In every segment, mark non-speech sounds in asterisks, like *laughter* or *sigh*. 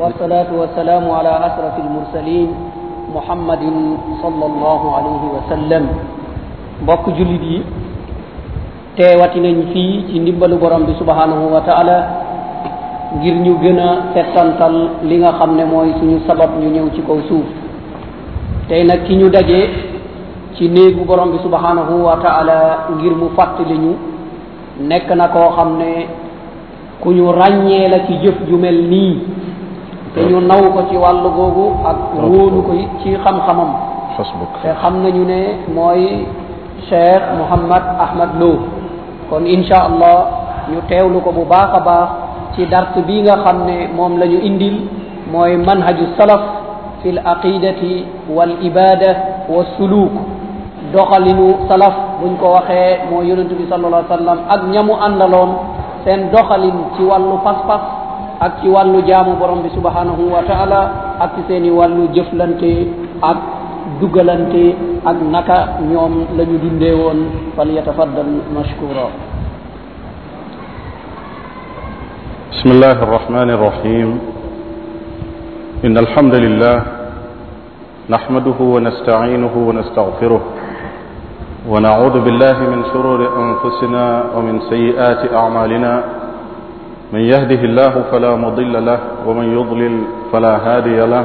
والصلاة salaam على أشرف المرسلين محمد صلى الله عليه وسلم mbokk jullit yi teewati nañ fii ci ndimbalu borom bi subhanahu wa taala ngir ñu gën settantal li nga xam ne mooy suñu sabab ñu ñëw ci kaw suuf tey nag ki ñu dajee ci néegu borom bi subhanahu wa taala ngir mu fàttali ñu nekk na koo xam ne ku ñu ràññee la ci jëf nii te ñu naw ko ci wàll googu ak wóolu ko it ci xam-xamam te xam nañu ne mooy Cheikh Mouhamad Ahmad Lo kon insha allah ñu teewlu ko bu baax a baax ci dars bi nga xam ne moom la ñu indil mooy manhaju salaf fi l aqidati wal ibada wa suluk doxalinu salaf buñ ko waxee mooy yonentu bi sallallahu alayhi wa sallam ak ñamu àndaloon seen doxalin ci wàllu pas-pas ak ci wàllu jaamu borom bi subhanahu wa taala ak ci seen i wàllu jëflante ak dugalante ak naka ñoom la ñu dundee woon fal yatafaddal mashkura bismillah arrahmani arrahim in alhamdulillah nahmaduhu wa nasta'inuhu wa nastaghfiruh wa na'udhu billahi min shururi anfusina wa min sayyiati a'malina من يهده الله فلا مضل له ومن يضلل فلا هادي له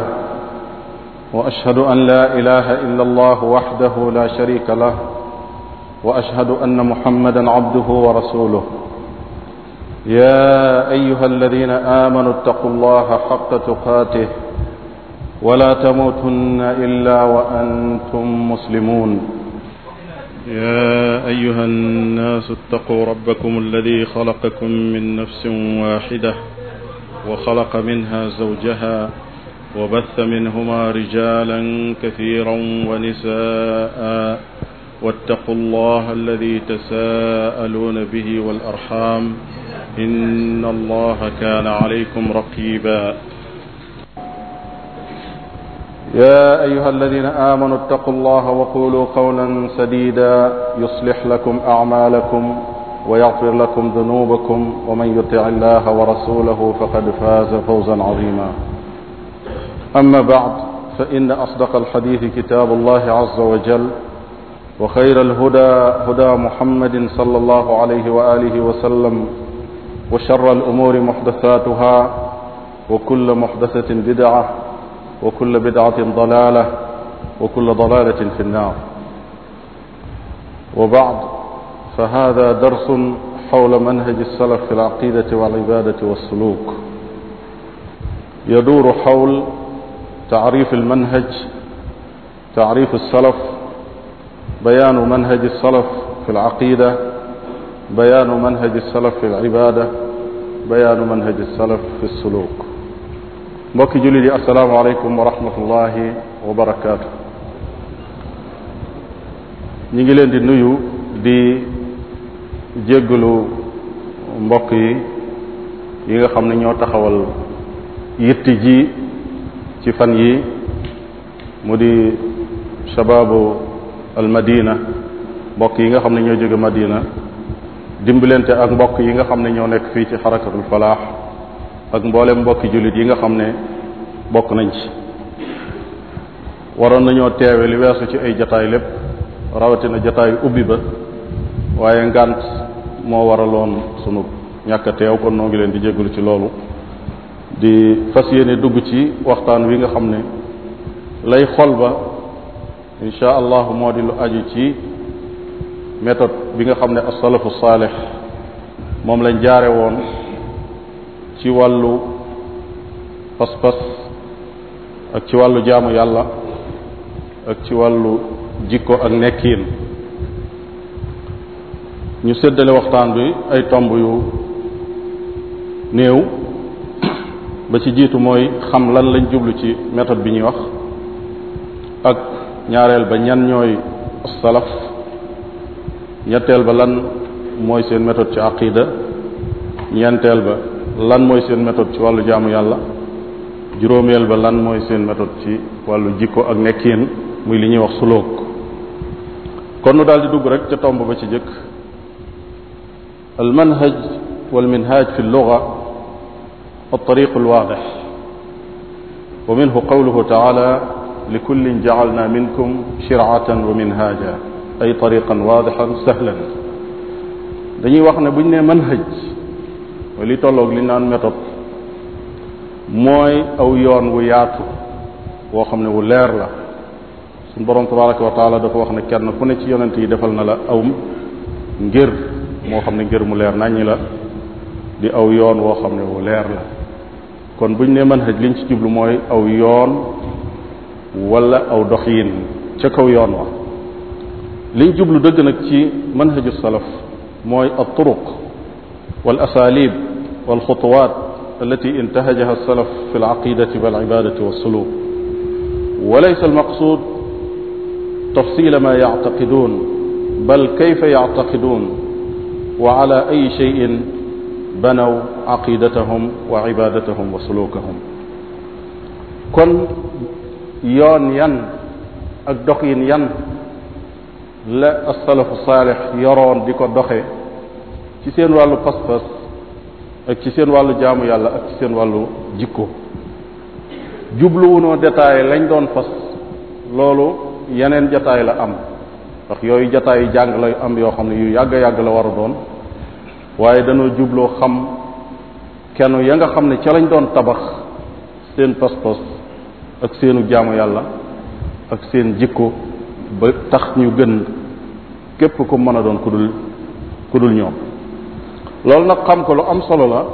واشهد ان لا اله الا الله وحده لا شريك له واشهد ان محمدا عبده ورسوله يا ايها الذين امنوا اتقوا الله حق تقاته ولا تموتن الا وانتم مسلمون يا أيها الناس اتقوا ربكم الذي خلقكم من نفس واحدة وخلق منها زوجها وبث منهما رجالا كثيرا ونساء واتقوا الله الذي تساءلون به والأرحام إن الله كان عليكم رقيبا يا أيها الذين آمنوا اتقوا الله وقولوا قولا سديدا يصلح لكم أعمالكم ويغفر لكم ذنوبكم ومن يطع الله ورسوله فقد فاز فوزا عظيما أما بعد فإن أصدق الحديث كتاب الله عز وجل وخير الهدى هدى محمد صلى الله عليه وآله وسلم وشر الأمور محدثاتها وكل محدثة بدعة وكل بدعة ضلالة وكل ضلالة في النار وبعد فهذا درس حول منهج السلف في العقيدة والعبادة والسلوك يدور حول تعريف المنهج تعريف السلف بيان منهج السلف في العقيدة بيان منهج السلف في العبادة بيان منهج السلف في السلوك mbokki jullit yi asalaamaaleykum wa rahmatullahi wa barakaatu. ñu ngi leen di nuyu di jéggalu mbokk yi yi nga xam ne ñoo taxawal yitti ji ci fan yi mu di shababu al madina mbokk yi nga xam ne ñoo jóge madina dimbalante ak mbokk yi nga xam ne ñoo nekk fii ci xarakatul falaax ak mboolem mbokki jullit yi nga xam ne bokk nañ ci waroon nañoo teewe li weesu ci ay jataay lépp rawatina jataay ubbi ba waaye ngànt moo waraloon sunu ñàkk teew kon noo ngi leen di jégalu ci loolu di fas yéene dugg ci waxtaan wi nga xam ne lay xol ba insha allah moo di lu aju ci méthode bi nga xam ne asalafu saalix moom lañ jaare woon ci wàllu pas-pas ak ci wàllu jaamu yàlla ak ci wàllu jikko ak nekkiin ñu séddale waxtaan bi ay tomb yu néew ba ci jiitu mooy xam lan lañ jublu ci méthode bi ñuy wax ak ñaareel ba ñan ñooy salaf ñetteel ba lan mooy seen metod ci aqida ñeenteel ba lan mooy seen méthode ci wàllu jaamu yàlla juróomeel ba lan mooy seen méthode ci wàllu jikko ak nekkin muy li ñuy wax suloog kon nu daal di dugg rek ca tomb ba ci jëkk al manhaj wal minhaj fi lluga al tariq al waadix wa minhu qawluhu taala li kullin jacalna minkum shircatan wa minhaja ay tariqan waadixan sahlan dañuy wax ne buñ ne manhaj mooy li tolloog li naan méthode mooy aw yoon wu yaatu woo xam ne wu leer la suñ borom tabaraka wa taala dafa wax ne kenn ku ne ci yonent yi defal na la aw ngir moo xam ne ngir mu leer naññi la di aw yoon woo xam ne wu leer la kon buñ ne mën xëj liñ ci jublu mooy aw yoon wala aw doxiin ca kaw yoon wa liñ jublu dëgg nag ci manhaju salaf mooy ab turuq والأساليب والخطوات التي انتهجها السلف في العقيدة والعبادة والسلوك وليس المقصود تفصيل ما يعتقدون بل كيف يعتقدون وعلى أي شيء بنوا عقيدتهم وعبادتهم وسلوكهم kon yoon yan ak doxin yan la asalafu saalix yoroon di ko doxe ci seen wàllu pas-pas ak ci seen wàllu jaamu yàlla ak ci seen wàllu jikko jubluwunoo détaillé lañ doon fas loolu yeneen jataay la am ndax yooyu jataayu jàng la am yoo xam ne yu yàgg yàgg la war a doon waaye danoo jubloo xam kenn ya nga xam ne ca lañ doon tabax seen pas-pas ak seenu jaamu yàlla ak seen jikko ba tax ñu gën képp ko mën a doon ku dul ku dul ñoom loolu nag xam ko lu am solo la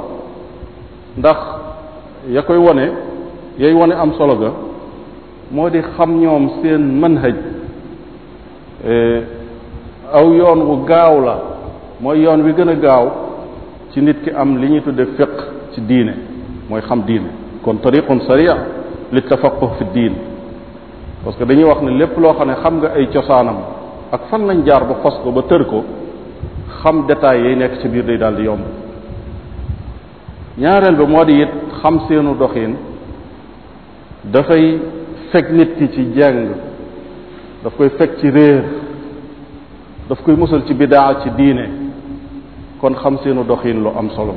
ndax ya koy wone yay wone am solo ga moo di xam ñoom seen manhaj e, aw yoon wu gaaw la mooy yoon wi gën a gaaw ci nit ki am li ñuy tudde fiq ci diine mooy xam diine kon tariqun saria li tafaqquh fi diin parce que dañuy wax ne lépp loo xam ne xam nga ay cosaanam ak fan lañ jaar ba fos ko ba tër ko xam détails yay nekk ci biir day daal di yomb ñaareel ba moo di it xam seenu doxin dafay fekk nit ki ci jàng daf koy fekk ci réer daf koy musal ci bidaa ci diine kon xam seenu doxin lu am solo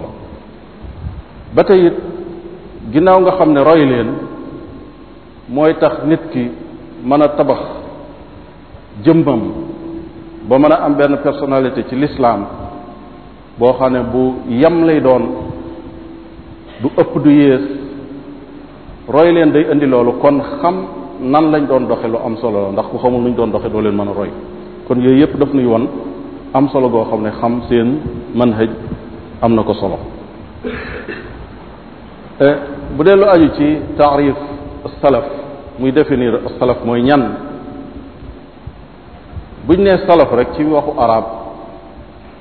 ba tey it ginnaaw nga xam ne roy leen mooy tax nit ki mën a tabax jëmbam ba mën a am benn personnalité ci lislaam boo xam ne bu yam lay doon du ëpp du yées roy leen day indi loolu kon xam nan lañ doon doxe lu am solo la ndax ku xamul nuñ doon doxe doo leen mën a roy kon yooyu yëpp daf nuy won am solo boo xam ne xam seen manhaj am na ko solo eh, bu dee lu aju ci taarif salaf muy définir salaf mooy ñan buñ nee salaf rek ci waxu arab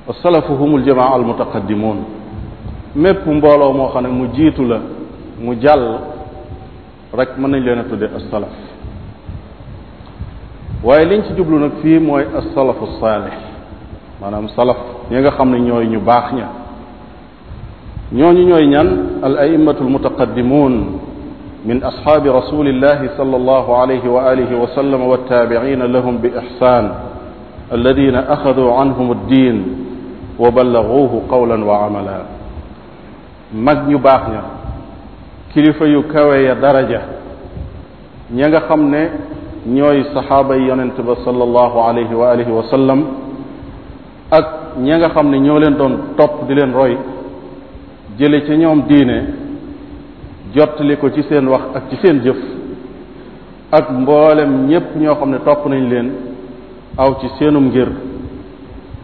asalafu humul jamaa al mutaqaddimun mépp mbooloo moo xam ne mu jiitu la mu jàll rek mën nañ leen a tudde asalaf waaye liñ ci jublu nag fii mooy asalafu saalih maanaam salaf ñi nga xam ne ñooy ñu baax ña ñooñu ñooy ñan al a'immatu al mutaqaddimun min ashaabi rasulillahi sallallahu alayhi wa alihi wa sallam wa taabiina lahum bi ihsan الذين أخذوا عنهم الدين وبلغوه قولا وعملا mag ñu baax ña kilifa yu kawe ya daraja ña nga xam ne ñooy saxaaba yi yonent ba sallallahu sallam ak ña nga xam ne ñoo leen doon topp di leen roy jële ci ñoom diine jottali ko ci seen wax ak ci seen jëf ak mboolem ñépp ñoo xam ne topp nañ leen aw ci seenu ngir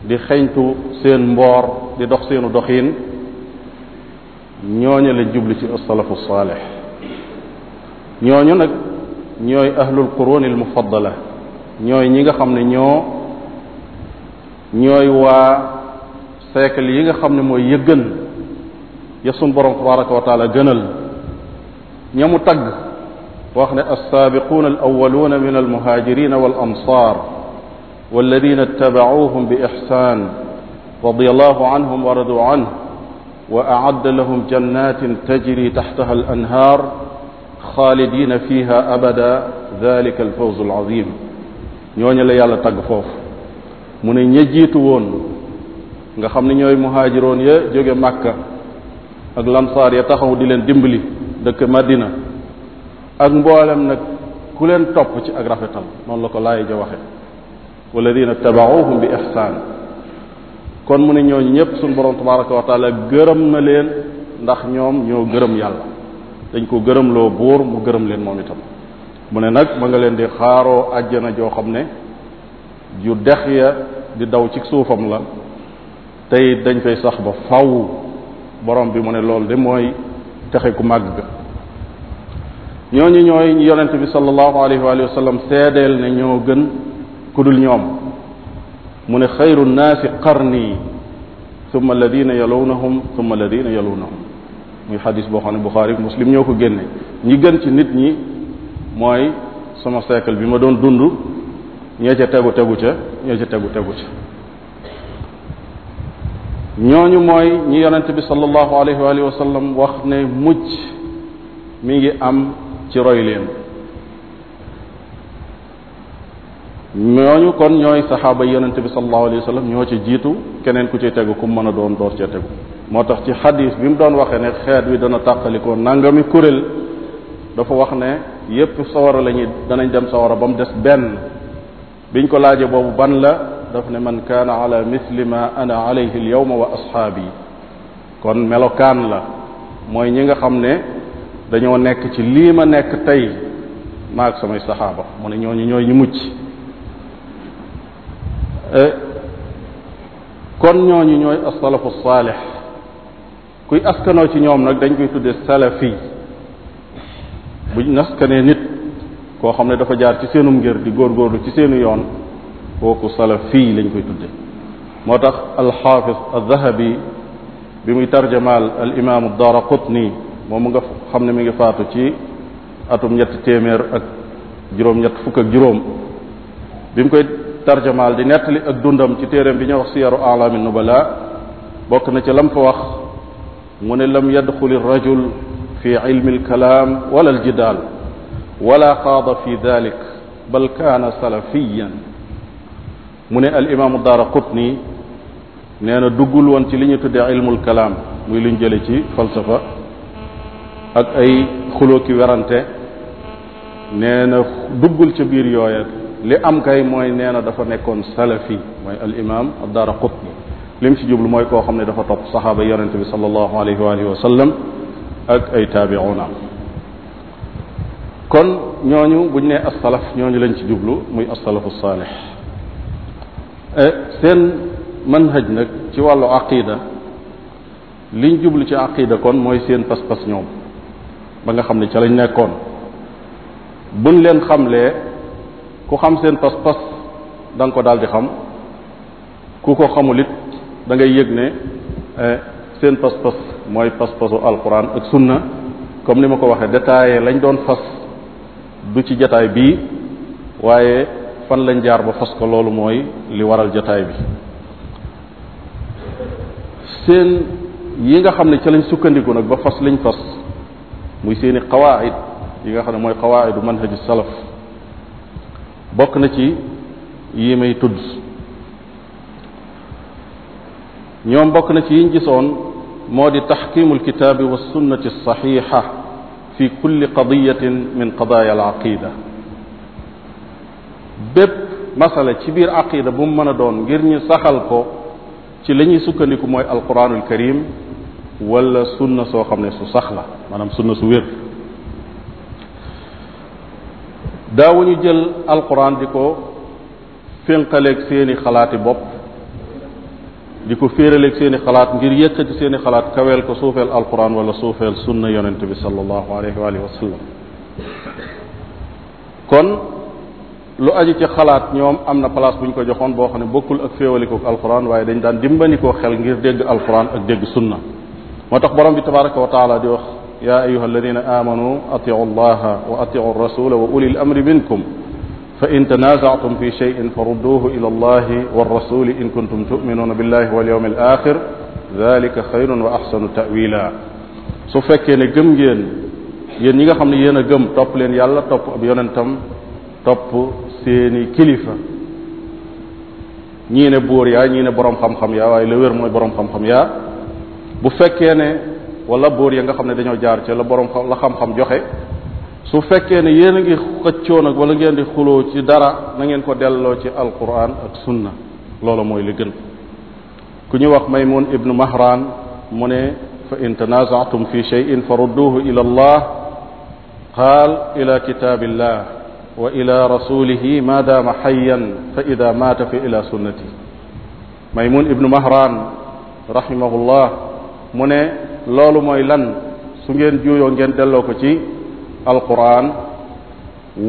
di xeñtu seen mboor di dox seenu doxiin ñooñu la jubli ci asalafu saalix ñooñu nag ñooy ahlul quruni al ñooy ñi nga xam ne ñoo ñooy waa siècle yi nga xam ne mooy yëgën ya sun borom tabaraka wa taala gënal ña mu tagg wax ne alsaabiquuna al awaluna min almuhaajirina wal ansar والذين اتبعوهم بإحسان رضي الله عنهم ورضوا عنه وأعد لهم جنات تجري تحتها الأنهار خالدين فيها أبدا ذلك الفوز العظيم ñooñu la yàlla tagg foofu mu ne ña jiitu woon nga xam ne ñooy muhaajiroon ya jóge màkka ak lamsaar ya taxaw di leen dimbali dëkk madina ak mboolem nag ku leen topp ci ak rafetal noonu la ko laay ja waxe walladina tabacuhum bi ixsaan kon mu ne ñooñu ñëpp suñu borom tabaraka wa gërëm na leen ndax ñoom ñoo gërëm yàlla dañ ko gërëm loo buur mu gërëm leen moom itam mu ne nag ma nga leen di xaaroo àjjana joo xam ne ju dex ya di daw ci suufam la tey dañ koy sax ba faw borom bi mu ne loolu de mooy texe ku màgg ga ñooñu ñooy yonente bi sallallahu alayhi wa sallam seedeel ne ñoo gën ku ñoom mu ne xayru nnaasi qarni summa alladina yalownahum summa alladina yalownahum muy xadis boo xam ne buxaari muslim ñoo ko génne ñi gën ci nit ñi mooy sama siècle bi ma doon dund ñee ca tegu tegu ca ñee ca tegu tegu ca ñooñu mooy ñi yonente bi sallallahu alayhi wa alihi wa wax ne mujj mi ngi am ci roy leen ñooñu kon ñooy saxaaba yonente bi sallallahu alayhi wa sallam ñoo ci jiitu keneen ku ci tegu ku mën a doon door cee tegu moo tax ci xadis bi mu doon waxee ne xeet wi dana tàqalikoo nangami kuréel dafa wax ne yépp sawara la danañ dem sawara ba mu des benn biñ ko laajee boobu ban la daf ne man kaana ala misli ma ana alayhi al yawma wa ashaabi kon melokaan la mooy ñi nga xam ne dañoo nekk ci lii ma nekk tey maag samay saxaaba mu ne ñooñu ñooy ñu mucc Eh, kon ñooñu ñooy asalafu saalix kuy askanoo ci ñoom nag dañ koy tudde salafi buñ askanee nit koo xam ne dafa jaar ci seenum ngir di góorgóorlu ci seenu yoon kooku salafi lañ koy tudde moo tax alxaafis aldahabi bi muy tarjamaal al imaamu dara qutni moom mu nga xam ne mu ngi faatu ci atum ñetti téeméer ak juróom ñett fukk ak juróom bi mu koy tarjamaal di nettali ak dundam ci téereem bi ñuy wax siyaru alaami nubala bokk na ci lam fa wax mu ne lam yadxuli rajul fi ilmi alkalaam wala aljidaal wala xaada fi dalik bal kaana salafiyan mu ne alimaamu daara qutni nee na duggul woon ci li ñu tuddee ilmul kalaam muy luñ jële ci falsafa ak ay xulóoki werante nee na duggul ca biir yooya li am kay mooy nee na dafa nekkoon salafi mooy al imam addaara qutni li ci jublu mooy koo xam ne dafa topp saxaaba yonente bi salallahu alayhi wa alihi wa sallam ak ay na kon ñooñu buñ nee assalaf ñooñu lañ ci jublu muy assalafu saalix e, seen manhaj nag ci wàllu aqida liñ jublu ci aqida kon mooy seen pas-pas ñoom ba nga xam ne ca lañ nekkoon buñ leen xamlee ku xam seen pas-pas da ko daal di xam ku ko xamul it da ngay yëg ne eh, seen pas-pas mooy pas-pasu alquran ak sunna comme ni ma ko waxee détaillé lañ doon fas du ci jataay bii waaye fan lañ jaar ba fas ko loolu mooy li waral jataay bi seen yi nga xam ne ca lañ sukkandiku nag ba fas liñ fas muy seeni qawaid yi nga xam ne mooy qawaidu manhaju salaf bokk na ci yi may tudd ñoom bokk na ci yiñ gisoon moo di taxkimu alkitaabi wa sunnati alsaxixa fi kulli qadiyatin min qadaaya alaqida bépp masala ci biir aqida bu mu mën a doon ngir ñu saxal ko ci la ñuy sukkandiku mooy alquranul karim wala sunna soo xam ne su sax la maanaam sunna su wér daawuñu jël alquran di ko fénqaleeg seeni xalaati bopp di ko féeraleeg seeni xalaat ngir yëkkati seeni xalaat kaweel ko suufeel alquran wala suufeel sunna yonente bi sallallahu alayhi wa alihi wa kon lu aju ci xalaat ñoom am na place buñ ko joxoon boo xam ne bokkul ak féewalikook alquran waaye dañ daan dimbanikoo xel ngir dégg alquran ak dégg sunna moo tax borom bi tabaraka wa di wax يا أيها الذين آمنوا أطيعوا الله وأطيعوا الرسول وأولي الأمر منكم فإن تنازعتم في شيء فردوه إلى الله والرسول إن كنتم تؤمنون بالله واليوم الآخر ذلك خير وأحسن تأويلا su fekkee ne gëm ngeen yéen ñi nga xam ne yéen a gëm topp leen yàlla topp ab yonentam topp seeni kilifa ñii ne buur yaa ñii ne borom xam-xam yaa waaye la wér mooy borom xam-xam yaa bu fekkee ne wala buur ya nga xam ne dañoo jaar ca la borom xam la xam-xam joxe su fekke ne yéen a ngi xëccoo nag ngeen di xuloo ci dara na ngeen ko delloo ci alquran ak sunna loolu mooy li gën ku ñu wax maymun ibnu mahran mu ne fa in tanazaatum fi cheyin fa rudduhu ila allah qaal ila kitaabillah wa ila rasulihi ma daama xayan fa ila sunnati maymun ibnu mahran rahimahullah mu ne loolu mooy lan su ngeen juuyoo ngeen delloo ko ci alquran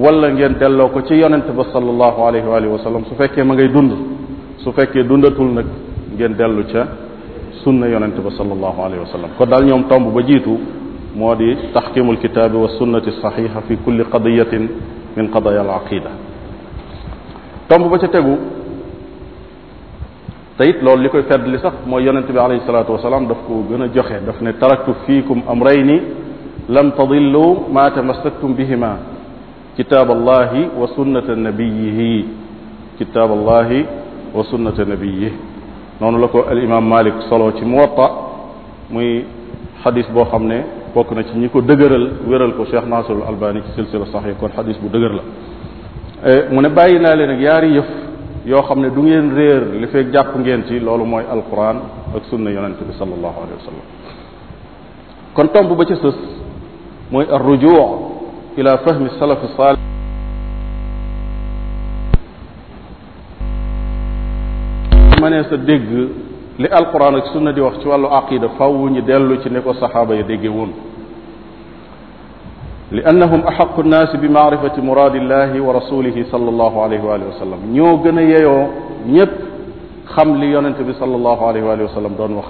wala ngeen delloo ko ci yonent ba sallallahu alayhi su fekkee ma ngay dund su fekkee dundatul nag ngeen dellu ca sunna yonent ba sallallahu alayhi wa sallam kon daal ñoom tomb ba jiitu moo di taxkimul kitaabi wa sunnati saxiixa fi kulli qadiyatin min qadaya al aqida ba ca tegu te it loolu li koy fedd li sax mooy yonent bi alayhi salaatu wasalaam daf ko gën a joxe daf ne taraktu lan amrayni lam tadillu ma tamassaktum bihima kitaab allahi wa sunnata nabiyihi kitaab allahi wa sunnata nabiyihi noonu la ko al imam malik solo ci muwatta muy xadis boo xam ne bokk na ci ñi ko dëgëral wéral ko cheikh nasirul albani ci silsila saxi kon xadis bu dëgër la eh, mu ne bàyyi naa leen yaari yëf yoo xam ne du ngeen réer li fekk jàpp ngeen ci loolu mooy alquran ak sunna yonent bi sallallahu alayhi wa kon tomb ba ci sës mooy ar rujuu ila fahmi salafi saalih mënee sa dégg li alquran ak sunna di wax ci wàllu aqida faw ñu dellu ci ne ko saxaaba yi déggee woon li annahum axaqu nnaasi bi maarifati muraadillahi wa rasulihi sallallahu alayhi wa sallam ñoo gën a yeyoo ñépp xam li yonent bi sallallahu alayhi wa sallam doon wax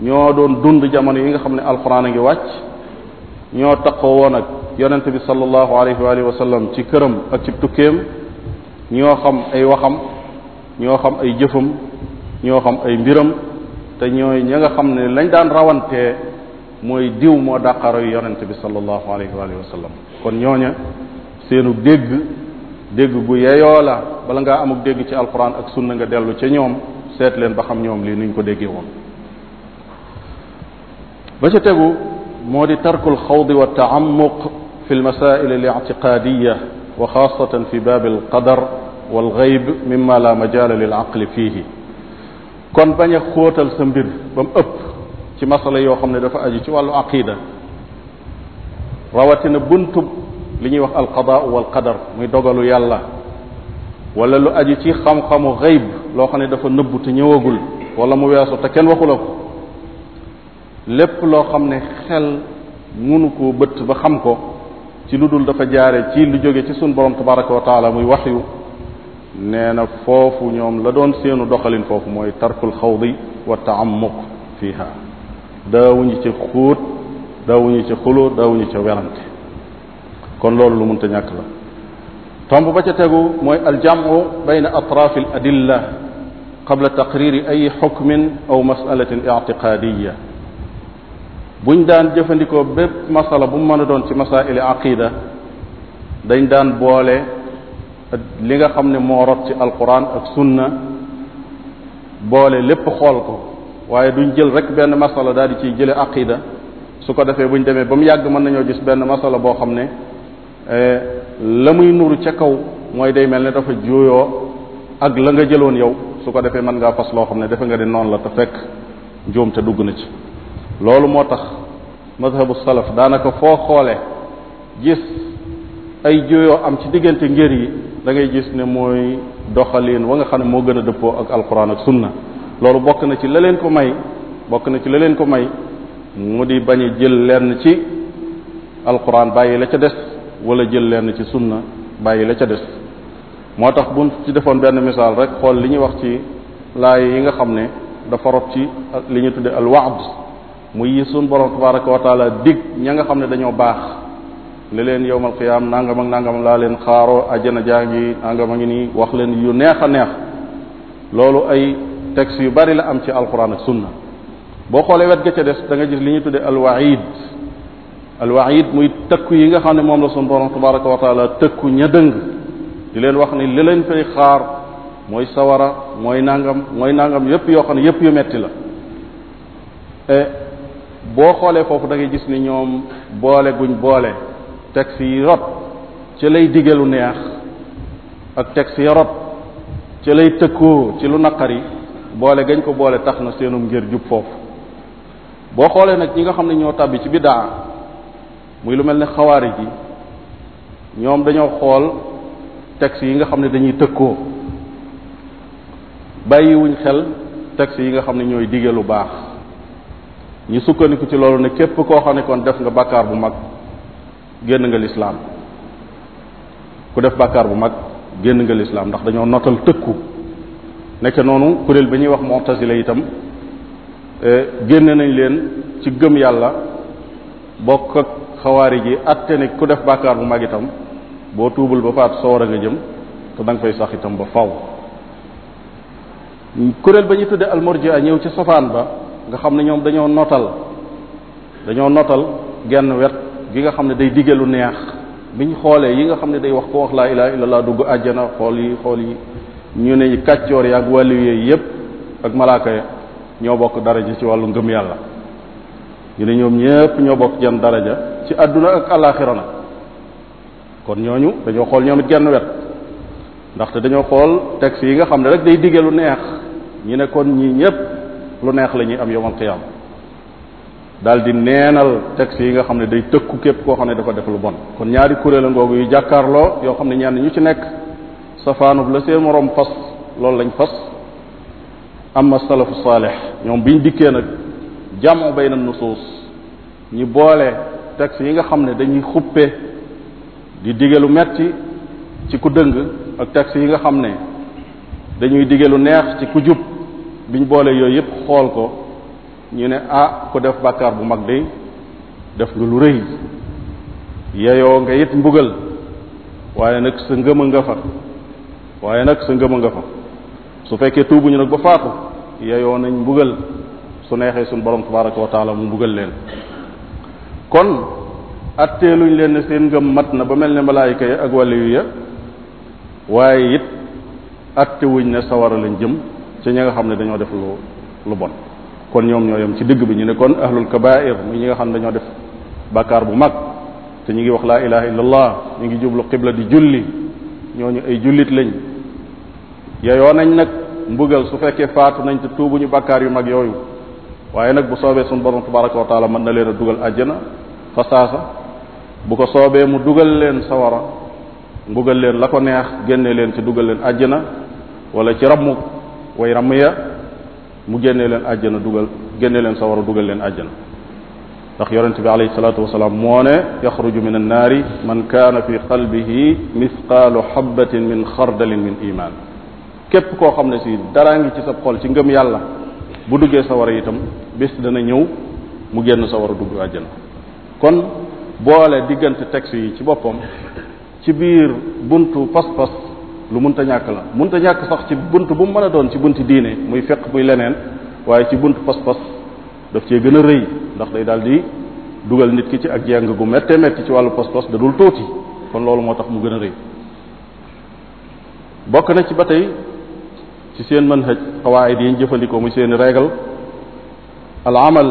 ñoo doon dund jamono yi nga xam ne alquran a ngi wàcc ñoo taqoo woon ak yonent bi sallallahu alayhi wa sallam ci këram ak ci tukkeem ñoo xam ay waxam ñoo xam ay jëfam ñoo xam ay mbiram te ñooy ña nga xam ne lañ daan rawantee mooy diw moo dàqaro yu yonente bi sallallahu alayhi wa sallam kon ñooña seenu dégg dégg gu yeyoo bala nga amuk dégg ci alquran ak sunna nga dellu ca ñoom seet leen ba xam ñoom lii nuñ ko déggee woon ba tegu moo di tarkul xawdi wa taamuq fi lmasail alictiqadiya wa xaasatan fi baabi alqadar walgayb mimma la majaala lilaqli fiihi kon bañ a xóotal sa mbir ba mu ëpp ci masala yoo xam ne dafa aju ci wàllu aqida rawatina buntub li ñuy wax alqadaa wal qadar muy dogalu yàlla walla lu aju ci xam-xamu xayb loo xam ne dafa nëbbu te ñëwagul wala mu weesu te kenn waxula ko lépp loo xam ne xel munu koo bët ba xam ko ci lu dul dafa jaare ci lu jóge ci suñu borom tabaraka wa taala muy waxyu nee na foofu ñoom la doon seenu doxalin foofu mooy tarkul xawdi wa taamuq fiha daawuñu ca xóot daawuñu ca xuloo daawuñu ca werante kon loolu lu mënta ñàkk la tomb ba ca tegu mooy aljamu bayna atraaf al adilla qabla taqriri ay xukmin aw masalatin ictiqaadiya buñ daan jëfandikoo bépp masala bu mu mën a doon ci masaili aqida dañ daan boole li nga xam ne moo rot ci alquran ak sunna boole lépp xool ko waaye duñ jël rek benn masala daal di ciy jële aqida su ko defee buñ demee ba mu yàgg mën nañoo gis benn masala boo xam ne eh, la muy nuru ca kaw mooy day mel ni dafa juyoo ak la nga jëloon yow su ko defee mën ngaa fas loo xam ne defe nga ne noonu la te fekk njuum te dugg na ci loolu moo tax mazhabu salaf daanaka foo xoolee gis ay juyoo am ci diggante ngir yi da ngay gis ne mooy doxaliin wa nga xam ne moo gën a dëppoo ak alquran ak sunna loolu bokk na ci la leen ko may bokk na ci la ko may mu di bañ jël lenn ci alquran bàyyi la ca des wala jël lenn ci sunna bàyyi la ca des moo tax bu ci defoon benn misaal rek xool li ñuy wax ci laay yi nga xam ne dafa rot ci li ñu tudde al waad muy yi borom tabaraka wa taala dig ña nga xam ne dañoo baax li leen yowmal qiyaam nangam ak nangam laa leen xaaroo ajjana jaa ngi nangam a ngi nii wax leen yu neex a neex loolu ay texte yu bari la am ci alquran ak sunna boo xoolee wet ga ca des da nga gis li ñuy tuddee alwaid alwaid muy tëkku yi nga xam ne moom la sunu borom tabaraka wa taala tëkku ña dëng di leen wax ni li leen fay xaar mooy sawara mooy nangam mooy nangam yépp yoo xam ne yépp yu metti la e, boo xoolee foofu dangay gis ni ñoom boole guñ boole texte yi rot ci lay diggalu neex ak texte ya rot ci lay tëkkoo ci lu naqari boole gañ ko boole tax na seenum ngir jub foofu boo xoolee nag ñi nga xam ne ñoo tàbbi ci biddaa muy lu mel ne xawaari ji ñoom dañoo xool texte yi nga xam ne dañuy tëkkoo bàyyiwuñ xel texte yi nga xam ne ñooy dige lu baax ñu sukkandiku ci loolu ne képp koo xam ne kon def nga bàkkaar bu mag génn nga lislaam ku def bàkkaar bu mag génn nga lislaam ndax dañoo notal tëkku nekk noonu kuréel ba ñuy wax la itam eh, génn nañ leen ci gëm yàlla bokk ak xawaari ji atte ne ku def bàkkaar bu mag itam boo tuubul ba faat sawara nga jëm te da nga fay sax itam ba faw kuréel ba ñu tudde a ñëw ci safaan ba nga xam ne ñoom dañoo notal dañoo notal genn wet gi nga xam ne day diggalu neex biñ xoolee yi nga xam ne day wax ko wax laa ilaha illallah dugg àjjana xool yi xool yi ñu ne kàccoor yi ak wàllu yooyu yépp ak malaaka ya ñoo bokk daraja ci wàllu ngëm yàlla ñu ne ñoom ñépp ñoo bokk jenn daraja ci àdduna ak àllaaxira na kon ñooñu dañoo xool ñoom it genn wet ndaxte dañoo xool texte yi nga xam ne rek day digge lu neex ñu ne kon ñii ñépp lu neex la ñuy am yowmal qiyaam daal di neenal texte yi nga xam ne day tëkku képp koo xam ne dafa def lu bon kon ñaari kuréel a ngoogu yu jàkkaarloo yoo xam ne ñenn ñu ci nekk safaanub la seen moroom fas loolu lañ fas amma salafu saalix ñoom biñ dikkee nag jàmm bay bayna nusuus ñi boole texte yi nga xam ne dañuy xuppe di lu metti ci ku dëng ak texte yi nga xam ne dañuy lu neex ci ku jub biñ boole yooyu yëpp xool ko ñu ne ah ku def bàkkaar bu mag de def nga lu rëy yeyoo nga it mbugal waaye nag sa ngëma nga fa waaye nag sa ngëm nga fa su fekkee ñu nag ba faatu yeyoo nañ mbugal su neexee suñ borom tabaraka wa taala mu mbugal leen kon atteeluñ leen ne seen ngëm mat na ba mel ne malaayika ya ak walla yu ya waaye it attewuñ ne sawara lañ jëm ci ñi nga xam ne dañoo def lu lu bon kon ñoom ñoo yem ci digg bi ñu ne kon ahlul kabair muy ñi nga xam ne dañoo def bakaar bu mag te ñu ngi wax laa ilaha illallah ñu ngi jublu qibla di julli ñooñu ay jullit lañ yeyoo nañ nag mbugal su fekkee faatu nañ te ñu bakkaar yu mag yooyu waaye nag bu soobee suñ borom tabaraka wa taala mën na leen a dugal àjjana fa saasa bu ko soobee mu dugal leen sawara mbugal leen la ko neex génne leen ci dugal leen àjjana wala ci ramu way ramm ya mu génne leen na dugal génne leen sawara dugal leen àjjana ndax yonent bi alayhi salaatu wasalaam moo ne yaxruju min naar man kaana fi qalbihi misqaalu xabatin min xardalin min imaan képp koo xam ne si daraa ngi ci sa xol ci ngëm yàlla bu duggee sawara itam bés dana ñëw mu génn sawara dugg àjjana kon boole diggante texte yi ci boppam ci biir buntu pas-pas lu munta ñàkk la munta ñàkk sax ci bunt bu mu mën a doon ci bunt diine muy fekk muy leneen waaye ci bunt pas-pas daf cee gën a rëy ndax day daal di dugal nit ki ci ak jàng gu méttee métti ci wàllu pos-pos da dul tuuti kon loolu moo tax mu gën a rëy bokk na ci ba tey ci seen manhaj qawaayid yi ñu jëfandikoo muy seen régal al amal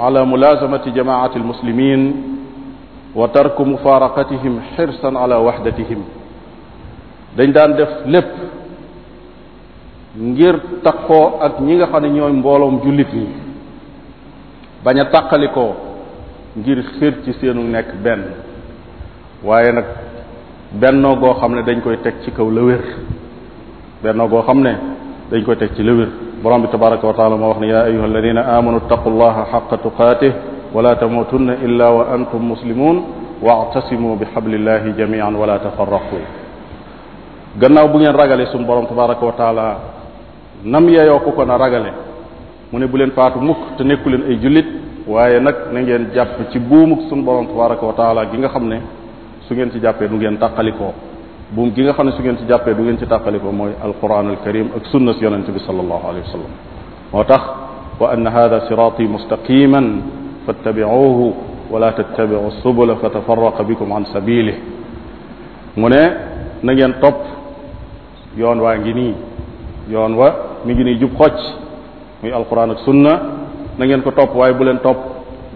ala mulazamati jamaati almuslimin wa tarku mufaraqatihim xirsan ala waxdatihim dañ daan def lépp ngir takkoo ak ñi nga xam ne ñooy mbooloom jullit yi bañ a ko ngir xir ci seenu nekk benn waaye nag bennoo goo xam ne dañ koy teg ci kaw la wér bennoo goo xam ne dañ koy teg ci la wér borom bi tabaraka wa taala moo wax ne yaa ayuha alladina amanu taqullaha xaqa tuqaatih wala tamutunna illa wa antum muslimun wa'tasimu bi xablillahi jamian wala tafarraqu gannaaw bu ngeen ragale suñu borom tabaraka wa taala nam yeyoo ku ko ragale mu ne bu leen faatu mukk te nekku leen ay jullit waaye nag na ngeen jàpp ci buum suñu borom tabaraka wa taala gi nga xam ne su ngeen ci jàppee du ngeen tàqalikoo buum gi nga xam ne su ngeen ci jàppee du ngeen ci tàqalikoo mooy alquran alkarim ak sunna si yonente bi sallallahu alayhi wa sallam moo tax wa anna hada sirati mustaqiman fattabicuuhu wala tattabicu subula fatafaraqa bikum an sabilih mu ne na ngeen topp yoon waa ngi nii yoon wa mi ngi nii jub xocc muy alquran ak sunna na ngeen ko topp waaye bu leen topp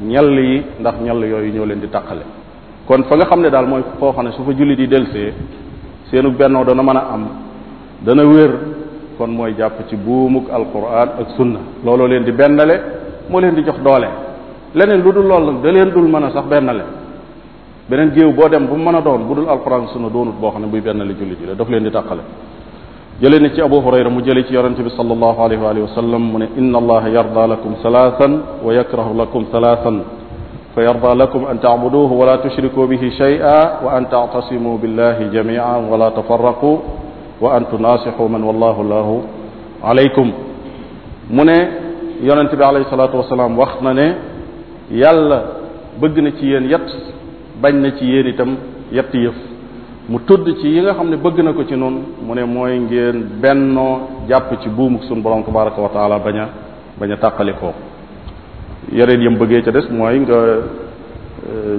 ñal yi ndax ñall yooyu ñoo leen di taqale kon fa nga xam ne daal mooy foo xam ne su fa jullit di delsee seenu bennoo dana mën a am dana wér kon mooy jàpp ci buumuk alquran ak sunna looloo leen di bennale moo leen di jox doole leneen lu dul lool da leen dul mën a sax bennale beneen géew boo dem bu mu mën a doon bu dul alquran sunna doonut boo xam ne buy bennale jullit yi la daf leen di taqale jëlee na ci abu hurayra mu jëlee ci yonente bi sallallahu alayhi wa alihi wa sallam mu ne inna allaha yarda lakum salaasan wa yakrahu lakum salaasan fa yarda lakum an taabuduhu wala tushriku bihi shay'a wa an taatasimu billahi jami'an wala tafarraqu wa an tunasixu man wallahu lahu alaykum mu ne yonente bi alayhi salatu wasalaam wax na ne yàlla bëgg na ci yéen yett bañ na ci yéen itam yett yëf mu tudd ci yi nga xam ne bëgg na ko ci noonu mu ne mooy ngeen bennoo jàpp ci buumuk suñu borom tabaraka wa taala bañ a bañ a tàqalikoo yareen yam bëggee ca des mooy nga euh,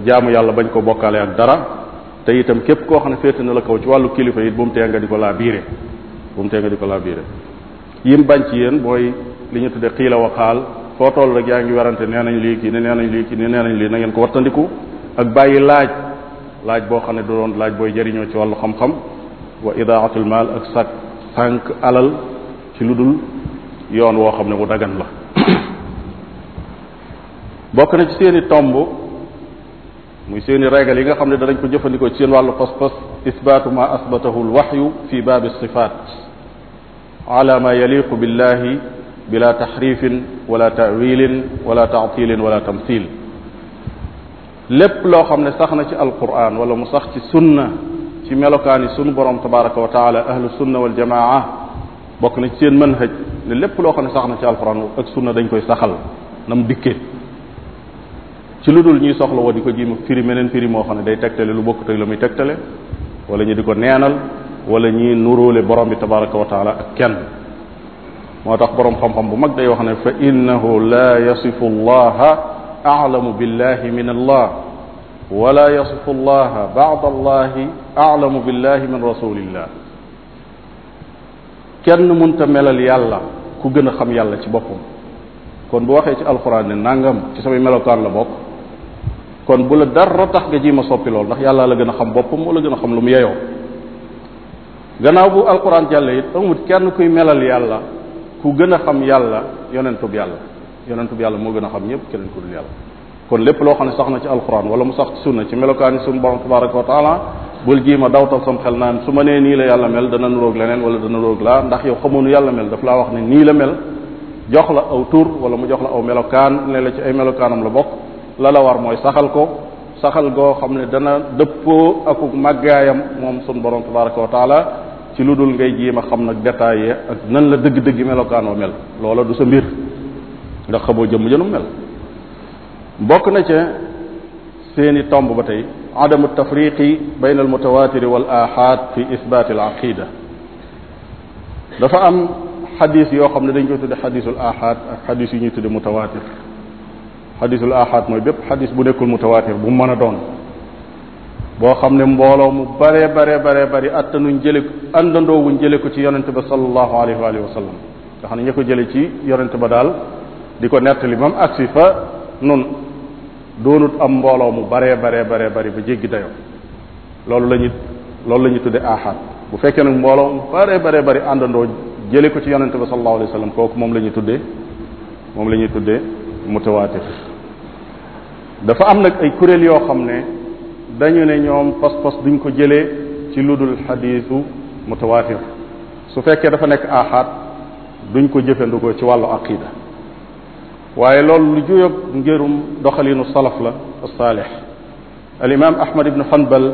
jaamu yàlla bañ ko bokkaale ak dara te itam képp koo xam ne féete na la kaw ci wàllu kilifa yit bu mu tee nga di ko laa biire bu mu tee nga di ko laa biire yim bañ ci yéen mooy li ñu tuddee xiila waxaal foo toll rek yaa ngi werante nee nañu lii kii ne nee nañ lii kii ne nee lii na ngeen ko wattandiku ak bàyyi laaj laaj boo xam ne du doon laaj booy jëriñoo ci wàllu xam-xam wa idaatul maal ak sàkk sànq alal ci lu dul yoon woo xam ne bu dagan la *coughs* bokk na ci seeni tomb muy seeni régal yi nga xam ne danañ ko jëfandikoo ci seen wàllu pas-pas isbaatu ma asbatahu lwaxyu fi baabi sifaat ala ma yaliqu billahi bila taxrifin wala tawilin wala taatilin wala tamthil lépp loo xam ne sax na ci alquran wala mu sax ci sunna ci melokaan yi sunu borom tabaraka wa taala ahlu sunna wal jamaa bokk na ci seen manhaj ne lépp loo xam ne sax na ci alquran ak sunna dañ koy saxal na mu dikkee ci lu dul ñuy soxla woo di ko jiima firi meneen firi moo xam ne day tegtale lu bokkut ak la muy tegtale wala ñu di ko neenal wala ñuy nuróole borom bi tabaraka wa taala ak kenn moo tax borom xam-xam bu mag day wax ne fa innahu la aclamu billahi min allah wala yasifu allaha bacda allahi aclamu billahi min rasulillah kenn munta melal yàlla ku gën a xam yàlla ci boppam kon bu waxee ci alxuraan ne nangam ci samay melokaan la bokk kon bu la dara tax nga ji ma soppi lool ndax yàlla la gën a xam boppam wala gën a xam lu mu yeyoo gannaaw bu alxuraan jàlle kenn kuy melal yàlla ku gën a xam yàlla yonentub yàlla yonent bi yàlla moo gën a xam ñëpp keneen ku dul yàlla kon lépp loo xam ne sax na ci alquran wala mu sax ci sunna ci melokaan yi suñu borom tabaraka wa taala bul jii ma dawtal sam xel naan su ma nee nii la yàlla mel dana nuroog leneen wala dana nuroog laa ndax yow xamoonu yàlla mel daf laa wax ne nii la mel jox la aw tur wala mu jox la aw melokaan ne la ci ay melokaanam la bokk la la war mooy saxal ko saxal goo xam ne dana dëppoo akuk màggaayam moom sun borom tabaraka wa taala ci lu dul ngay jiima xam nag détaillé ak nan la dëgg-dëgg melokaan mel ndax xamoo jëmm jënum mel bokk na ce seeni tomb ba tey adamu tafriqi bayn al mutawatiri wal ahad fi isbaati al aqida dafa am xadis yoo xam ne dañ koy tudde xadisul ahad ak xadis yu ñuy tu tudde mutawatir xadisul ahad mooy bépp xadis bu nekkul mutawatir bu mën a doon boo xam ne mbooloo mu bare bare bare bari attanuñ jële àndandoowuñ jële ko ci yonente ba salallahu alayhi wa alihi wa sallam nga xam ne ña ko jële ci yonente ba daal di ko nettali ba mu agsi fa nun doonut am mbooloo mu baree baree baree bari ba jéggi dayoo loolu la ñu loolu la ñu tudde ahad bu fekkee nag mbooloo mu baree baree bari àndandoo jële ko ci yonente bi sallallahu alayhi wa sallam kooku moom la ñuy tuddee moom la ñuy tuddee mutawaatir dafa am nag ay kuréel yoo xam ne dañu ne ñoom pas-pas duñ ko jëlee ci lu dul xadiisu mutawaatir su fekkee dafa nekk ahad duñ ko jëfandikoo ci wàllu aqida waaye loolu lu juyoog ngërum doxalinu salaf la saalix al imam ahmad ibnu hanbal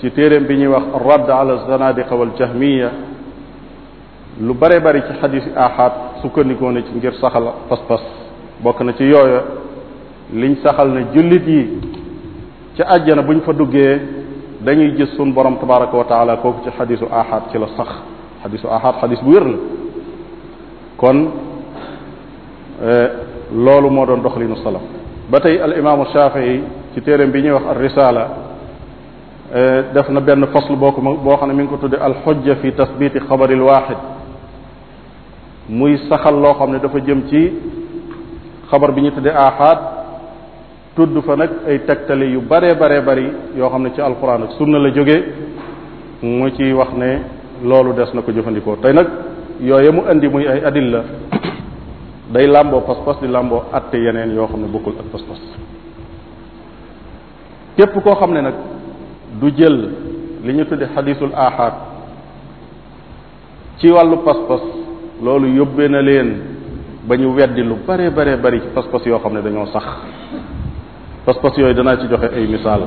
ci téeréem bi ñuy wax radd ala zanadiqa wal jahmiya lu bare bari ci xadis ahad sukkandikoo na ci ngir saxal pas-pas bokk na ci yooya liñ saxal na jullit yi ci àjjana buñ fa duggee dañuy gis sun borom tabaraka wa taala kooku ci xadisu ahad ci la sax xadisu ahad xadis bu wér la kon eh, loolu moo doon doxalinu salaf ba tey al imaamu Shafii ci téereem bi ñuy wax ar risala eh, def na benn fasl boo ko boo xam ne mi ngi ko tudde al xujja fi tasbiti xabaril waaxid muy saxal loo xam ne dafa jëm ci xabar bi ñu tudde aaxaad tudd fa nag ay tegtali yu bare bare bari yoo xam ne ci alquran ak sunna la jógee mu ci wax ne loolu des na ko jëfandikoo tey nag yooye mu indi muy ay adilla day làmboo pas-pas di làmboo atte yeneen yoo xam ne bokkul ak pas-pas képp koo xam ne nag du jël li ñu tudde xadisul ahad ci wàllu pas-pas loolu yóbbee na leen ba ñu weddi lu bare bare bari ci pas-pas yoo xam ne dañoo sax pas yooyu danaa ci joxe ay misaal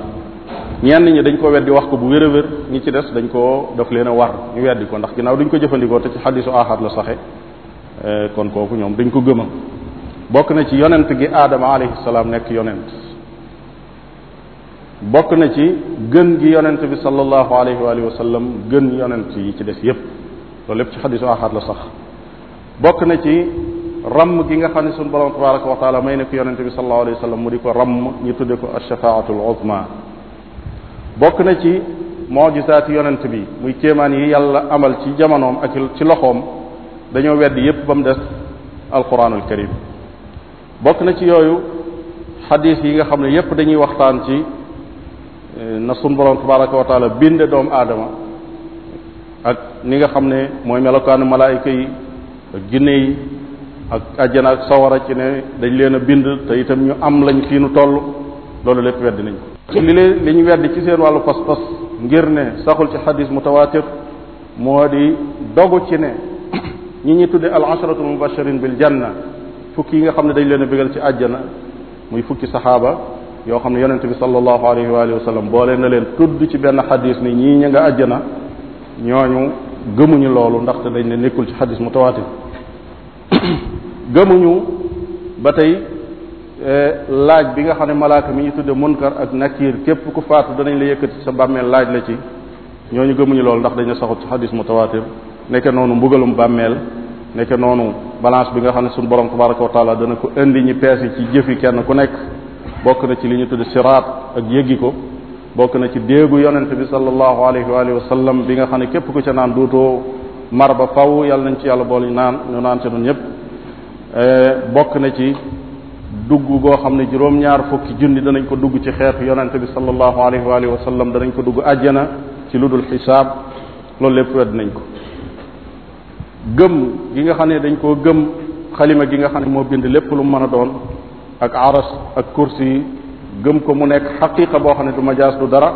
ñenn ñi dañ ko weddi wax ko bu wér a wér ñi ci des dañ koo daf leen a war ñu weddi ko ndax ginnaaw duñ ko jëfandikoo te ci xadisu ahad la saxe Euh, kon kooku ñoom dañ ko gëma bokk na ci yonent gi aadama alayhi salaam nekk yonent bokk na ci gën gi yonent bi sallallahu alayhi wa sallam gën yonent yi ci des yépp loolu lépp ci xadisu axaat la sax bokk na ci ram gi nga xam ne suñu borom tabaraka wa may ne ko bi sallallahu alayhi wa sallam mu di ko ramm ñu tudde ko ashafaatul uzma bokk na ci mojisaati yonent bi muy kéemaan yi yàlla amal ci jamonoom ak ci loxoom dañoo wedd yépp ba mu des alquranul karim bokk na ci yooyu xadis yi nga xam ne yépp dañuy waxtaan ci eh, na sun borom tabaraka wa binde doomu aadama ak ni nga xam ne mooy melokaanu malaayika yi ak ginne yi ak àjjana ak sawara ci ne dañ leen a bind te itam ñu am lañ fii nu toll loolu lépp weddi nañ ko li leen li ñu weddi ci seen wàllu pas-pas ngir ne saxul ci xadis mutawaatir moo di dogu ci ne ñi ñi tudde al asharatu mubashirin bil janna fukki yi nga xam ne dañ leen a bégal ci àjjana muy fukki saxaaba yoo xam ne yonente bi sallallahu alayhi wa alihi wa na leen tudd ci benn xadis ni ñii ña nga àjjana ñooñu gëmuñu loolu ndax dañ ne nekkul ci xadis mutawaatir *coughs* gëmuñu ba tey e, laaj bi nga xam ne malaaka mi ñu tudde munkar ak nakiir képp ku faatu danañ la yëkkati sa bàmmeel laaj la ci ñoo ñu gëmuñu loolu ndax dañ ne saxut ci xadis mutawaatir neke noonu mbugalum bàmmeel neke noonu balance bi nga xam ne suñu borom tabaraka wa taala dana ko indi ñi peese ci jëfi kenn ku nekk bokk na ci li ñu tudde siraat ak yëggi ko bokk na ci déegu yonente bi sallallahu alayhi wa alihi wa sallam bi nga xam ne képp ku ca naan duutoo mar ba faw yàlla nañ ci yàlla bool ñu naan ñu naan ca nun ñëpp eh, bokk na ci dugg goo xam ne juróom-ñaar fukki junni danañ ko dugg ci xeetu yonente bi sallallahu alayhi wa alihi wa sallam danañ ko dugg àjjana ci lu dul xisaab loolu lépp wedd nañ ko gëm gi nga xam ne dañ koo gëm xalima gi nga xam ne moo bind lépp lu mën a doon ak aras ak kursi gëm ko mu nekk xaqiqa boo xam ne du majaas du dara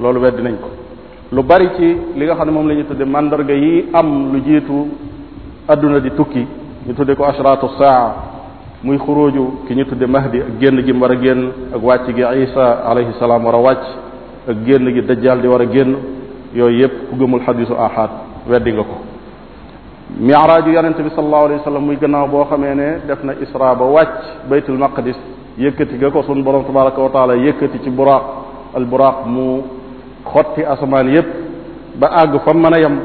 loolu weddi nañ ko lu bari ci li nga xam ne moom lañuy ñu tudde mandarga yi am lu jiitu àdduna di tukki ñu tudde ko ashratu saa muy xuróoju ki ñu tudde mahdi ak génn gi mu war a génn ak wàcc gi isa alayhi salaam war a wàcc ak génn gi dajjal di war a génn yooyu yépp ku gëmul xadisu ahad weddi nga ko miraaju yonente bi sallallahu alayhi wa sallam muy gannaaw boo xamee ne def na isra ba wàcc baytul maqdis yëkkati ga ko sun borom tabaraka wa taala yëkkati ci buraaq al buraaq mu xotti asamaan yépp ba àgg fa mën a yem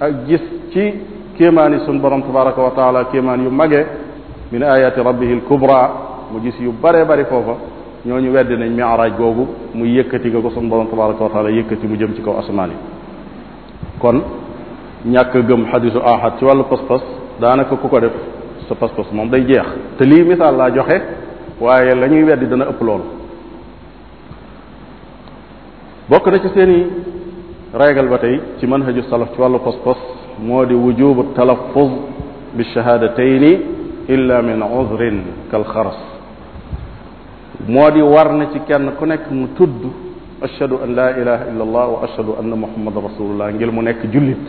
ak gis ci kéemaan yi sun borom tabaraka wa taala yu mage min ayaati rabbihi al kubra mu gis yu bare bari foofa ñu wedd nañ miraaj googu muy yëkkati ga ko sun borom tabaraka wa yëkkati mu jëm ci kaw asamaan kon ñàkk a gëm xadisu ahad ci wàllu pas-pas daanaka ku ko def sa pas-pas moom day jeex te lii misaal laa joxe waaye la ñuy weddi dana ëpp loolu bokk na ci seeni reegal ba tey ci manhaju salaf ci wàllu pas-pas moo di a talaffuz bi shahadatayni illa min uzrin kal xaras moo di war na ci kenn ku nekk mu tudd ashhadu an la ilaha illa allah wa ashhadu anna muhammadan mu nekk jullit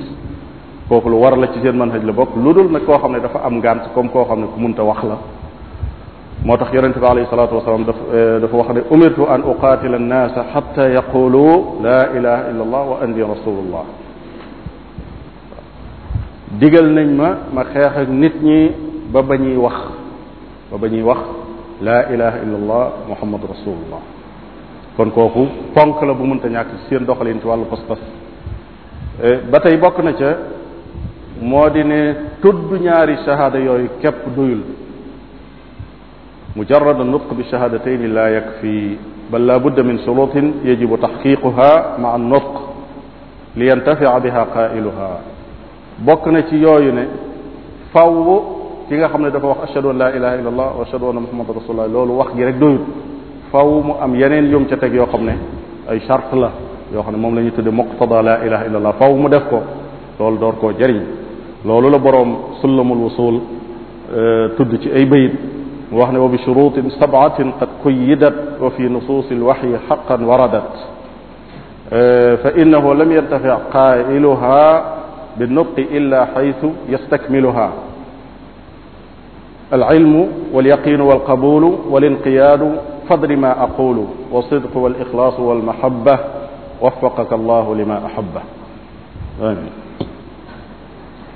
kooku lu war la ci seen manhaj la bokk lu dul nag koo xam ne dafa am ngànt comme koo xam ne ku munta wax la moo tax yonente bi alayhi salatu wasalaam dafa eh, dafa wax ne umirtu an uqaatila annaasa xatta yaqulu la ilaha illa allah wa anni rasulullah digal nañ ma ma xeex nit ñi ba ba ñuy wax ba ñuy wax la ilaha illa allah muhammad rasulullah kon kooku ponk la bu munta ñàkk ci seen doxalin ci wàllu pas-pas eh, ba tey bokk na ca moo di ne tudd ñaari shahada yooyu képp doyul mujarad nutq bi shahadatayn la yakfi bal la budda min shurutin yajibu taxqiquha ma nutq li yantafia biha qailuha bokk na ci yooyu ne faww ki nga xam ne dafa wax ashhadu an la ilaha illa allah wa ashhadu anna muhammadan rasulullah loolu wax gi rek doyul faww mu am yeneen yum ca teg yoo xam ne ay charte la yoo xam ne moom la ñuy tudde muqtada la ilaha illa allah faww mu def ko loolu door koo jëriñ loolu la boroom sullamul wusul e, tudd ci ay bayit mu wax ne wa bi shurutin sabaatin qad kuyidat wa fi nusuusi lwaxyi xaqan waradat e, fa innahu lam yantafi qailuha bi nutqi illa xaytu yastakmiluha alilmu walyaqinu walqabulu walinqiyaadu fadri ma aqulu walsidqu walixlaasu walmahabba wafaqaka allahu lima ahabba amin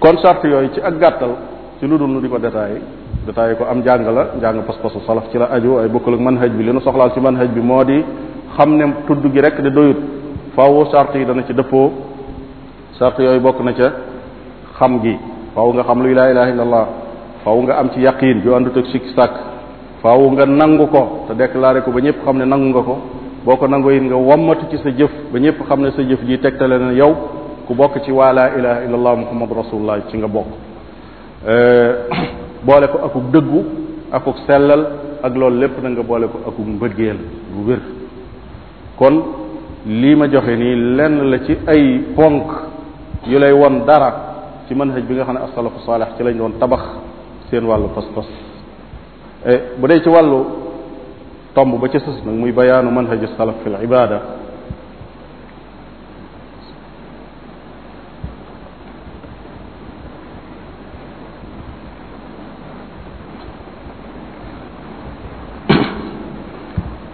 kon sart yooyu ci ak gàttal ci lu dul nu di ko détaillé détaillé ko am njàng la njàng pas-pasu salaf ci la aju ay bokkul ak manhaj bi li nu soxlaal ci manhaj bi moo di xam ne tudd gi rek de doyut faaw sart yi dana ci dëppoo sart yooyu bokk na ca xam gi faaw nga xam luy laa ilaha illallah faaw nga am ci yaqiin yu àndut ak sikk sàkk faaw nga nangu ko te déclaré ko ba ñëpp xam ne nangu nga ko boo ko nangoo it nga wommatu ci sa jëf ba ñëpp xam ne sa jëf ji tegtale na yow bu bokk ci waa laa ilaha illallah muhammadu rasulullah ci nga bokk eh, boole ko akuk dëggu akuk sellal ak loolu lépp na boole ko akuk mbëggeel bu wér kon lii ma joxe nii lenn la ci ay ponk yu lay won dara ci manhaj bi nga xam ne asalafu saalex ci lañ doon tabax seen wàllu pas-pas eh, bu dee ci wàllu tomb ba ca sës nag muy bayaanu manhaj salaf fil ibada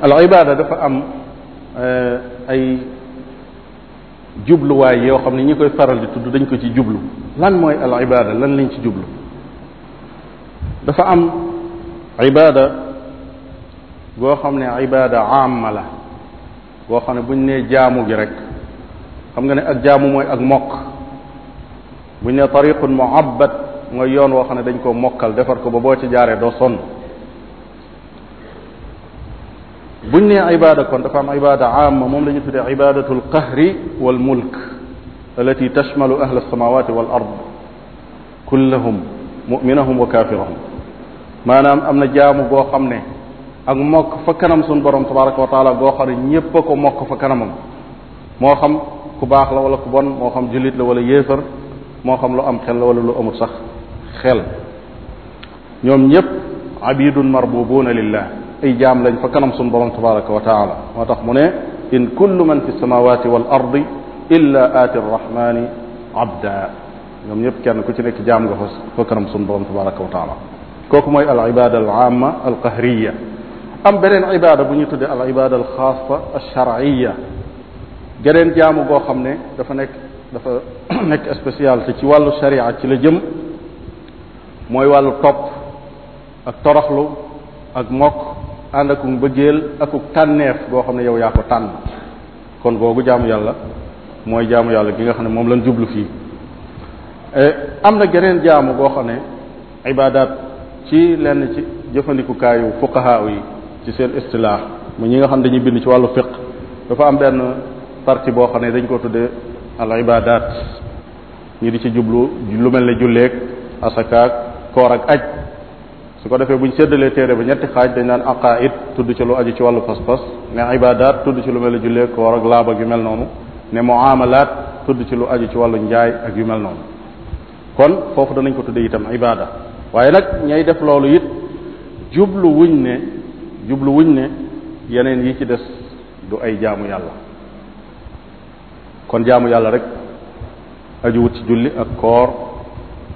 al ibada dafa am eh, ay jubluwaay yoo xam ne ñi koy faral di tudd dañ ko ci jublu lan mooy al ibada lan lañ ci jublu dafa am ibada goo xam ne ibada amma la goo xam ne buñ nee jaamu gi rek xam nga ne ak jaamu mooy ak mokk buñ ne tariqun muabbad mooy yoon woo xam ne dañ koo mokkal defar ko ba boo ci jaaree doo sonn buñ nee ibaada kon dafa am ibaada amma moom la ñu tuddee ibadatu alqahri wal mulk allati tashmalu ahla alsamawati wal ard kullahum muminahum wa kafirahum maanaam am na jaamu goo xam ne ak mokk fa kanam suñ borom tabaraka wa taala goo xam ne ñépp a ko mokk fa kanamam moo xam ku baax la wala ku bon moo xam jullit la wala yéefar moo xam lu am xel la wala lu amul sax xel ñoom ñépp abidun marbubuuna lillah ay jaam lañ fa kanam sunu borom tabaraka wa taala moo tax mu ne in kullu man fi samawati wal ardi illa aati arrahmani abda ñoom ñëpp kenn ku ci nekk jaam nga fa fa kanam sunu borom tabaraka wa taala kooku mooy al ibada al amma al qahriya am beneen ibada bu ñu tuddee al ibada al xaasa al sharciya geneen jaamu goo xam ne dafa nekk dafa *clears throat* nekk spécialité ci wàllu sharia ci la jëm mooy wàllu topp ak toroxlu ak mokk ànd akuk mbëggeel akuk tànneef boo xam ne yow yaa ko tànn kon googu jaamu yàlla mooy jaamu yàlla gi nga xam ne moom lan jublu fii e, am na geneen jaamu goo xam ne ibaadaat ci lenn ci jëfandikukaayu fuqahaaw yi ci seen istilaax mu ñi nga xam ne dañuy bind ci wàllu fiq dafa am benn partie boo xam ne dañ ko tudde al ibaadaat ñi di ci jublu lu mel ne julleeg asakaak koor ak aj su ko defee bu ñu séddalee téere ba ñetti xaaj dañ naan aqaid tudd ci lu aju ci wàllu pas-pas ne ibadat tudd ci lu mel ne jullee koor ak laab ak yu mel noonu ne muamalaat tudd ci lu aju ci wàllu njaay ak yu mel noonu kon foofu danañ ko tudde itam ibada waaye nag ñay def loolu it jublu wuñ ne jublu wuñ ne yeneen yi ci des du ay jaamu yàlla kon jaamu yàlla rek aju wut ci julli ak koor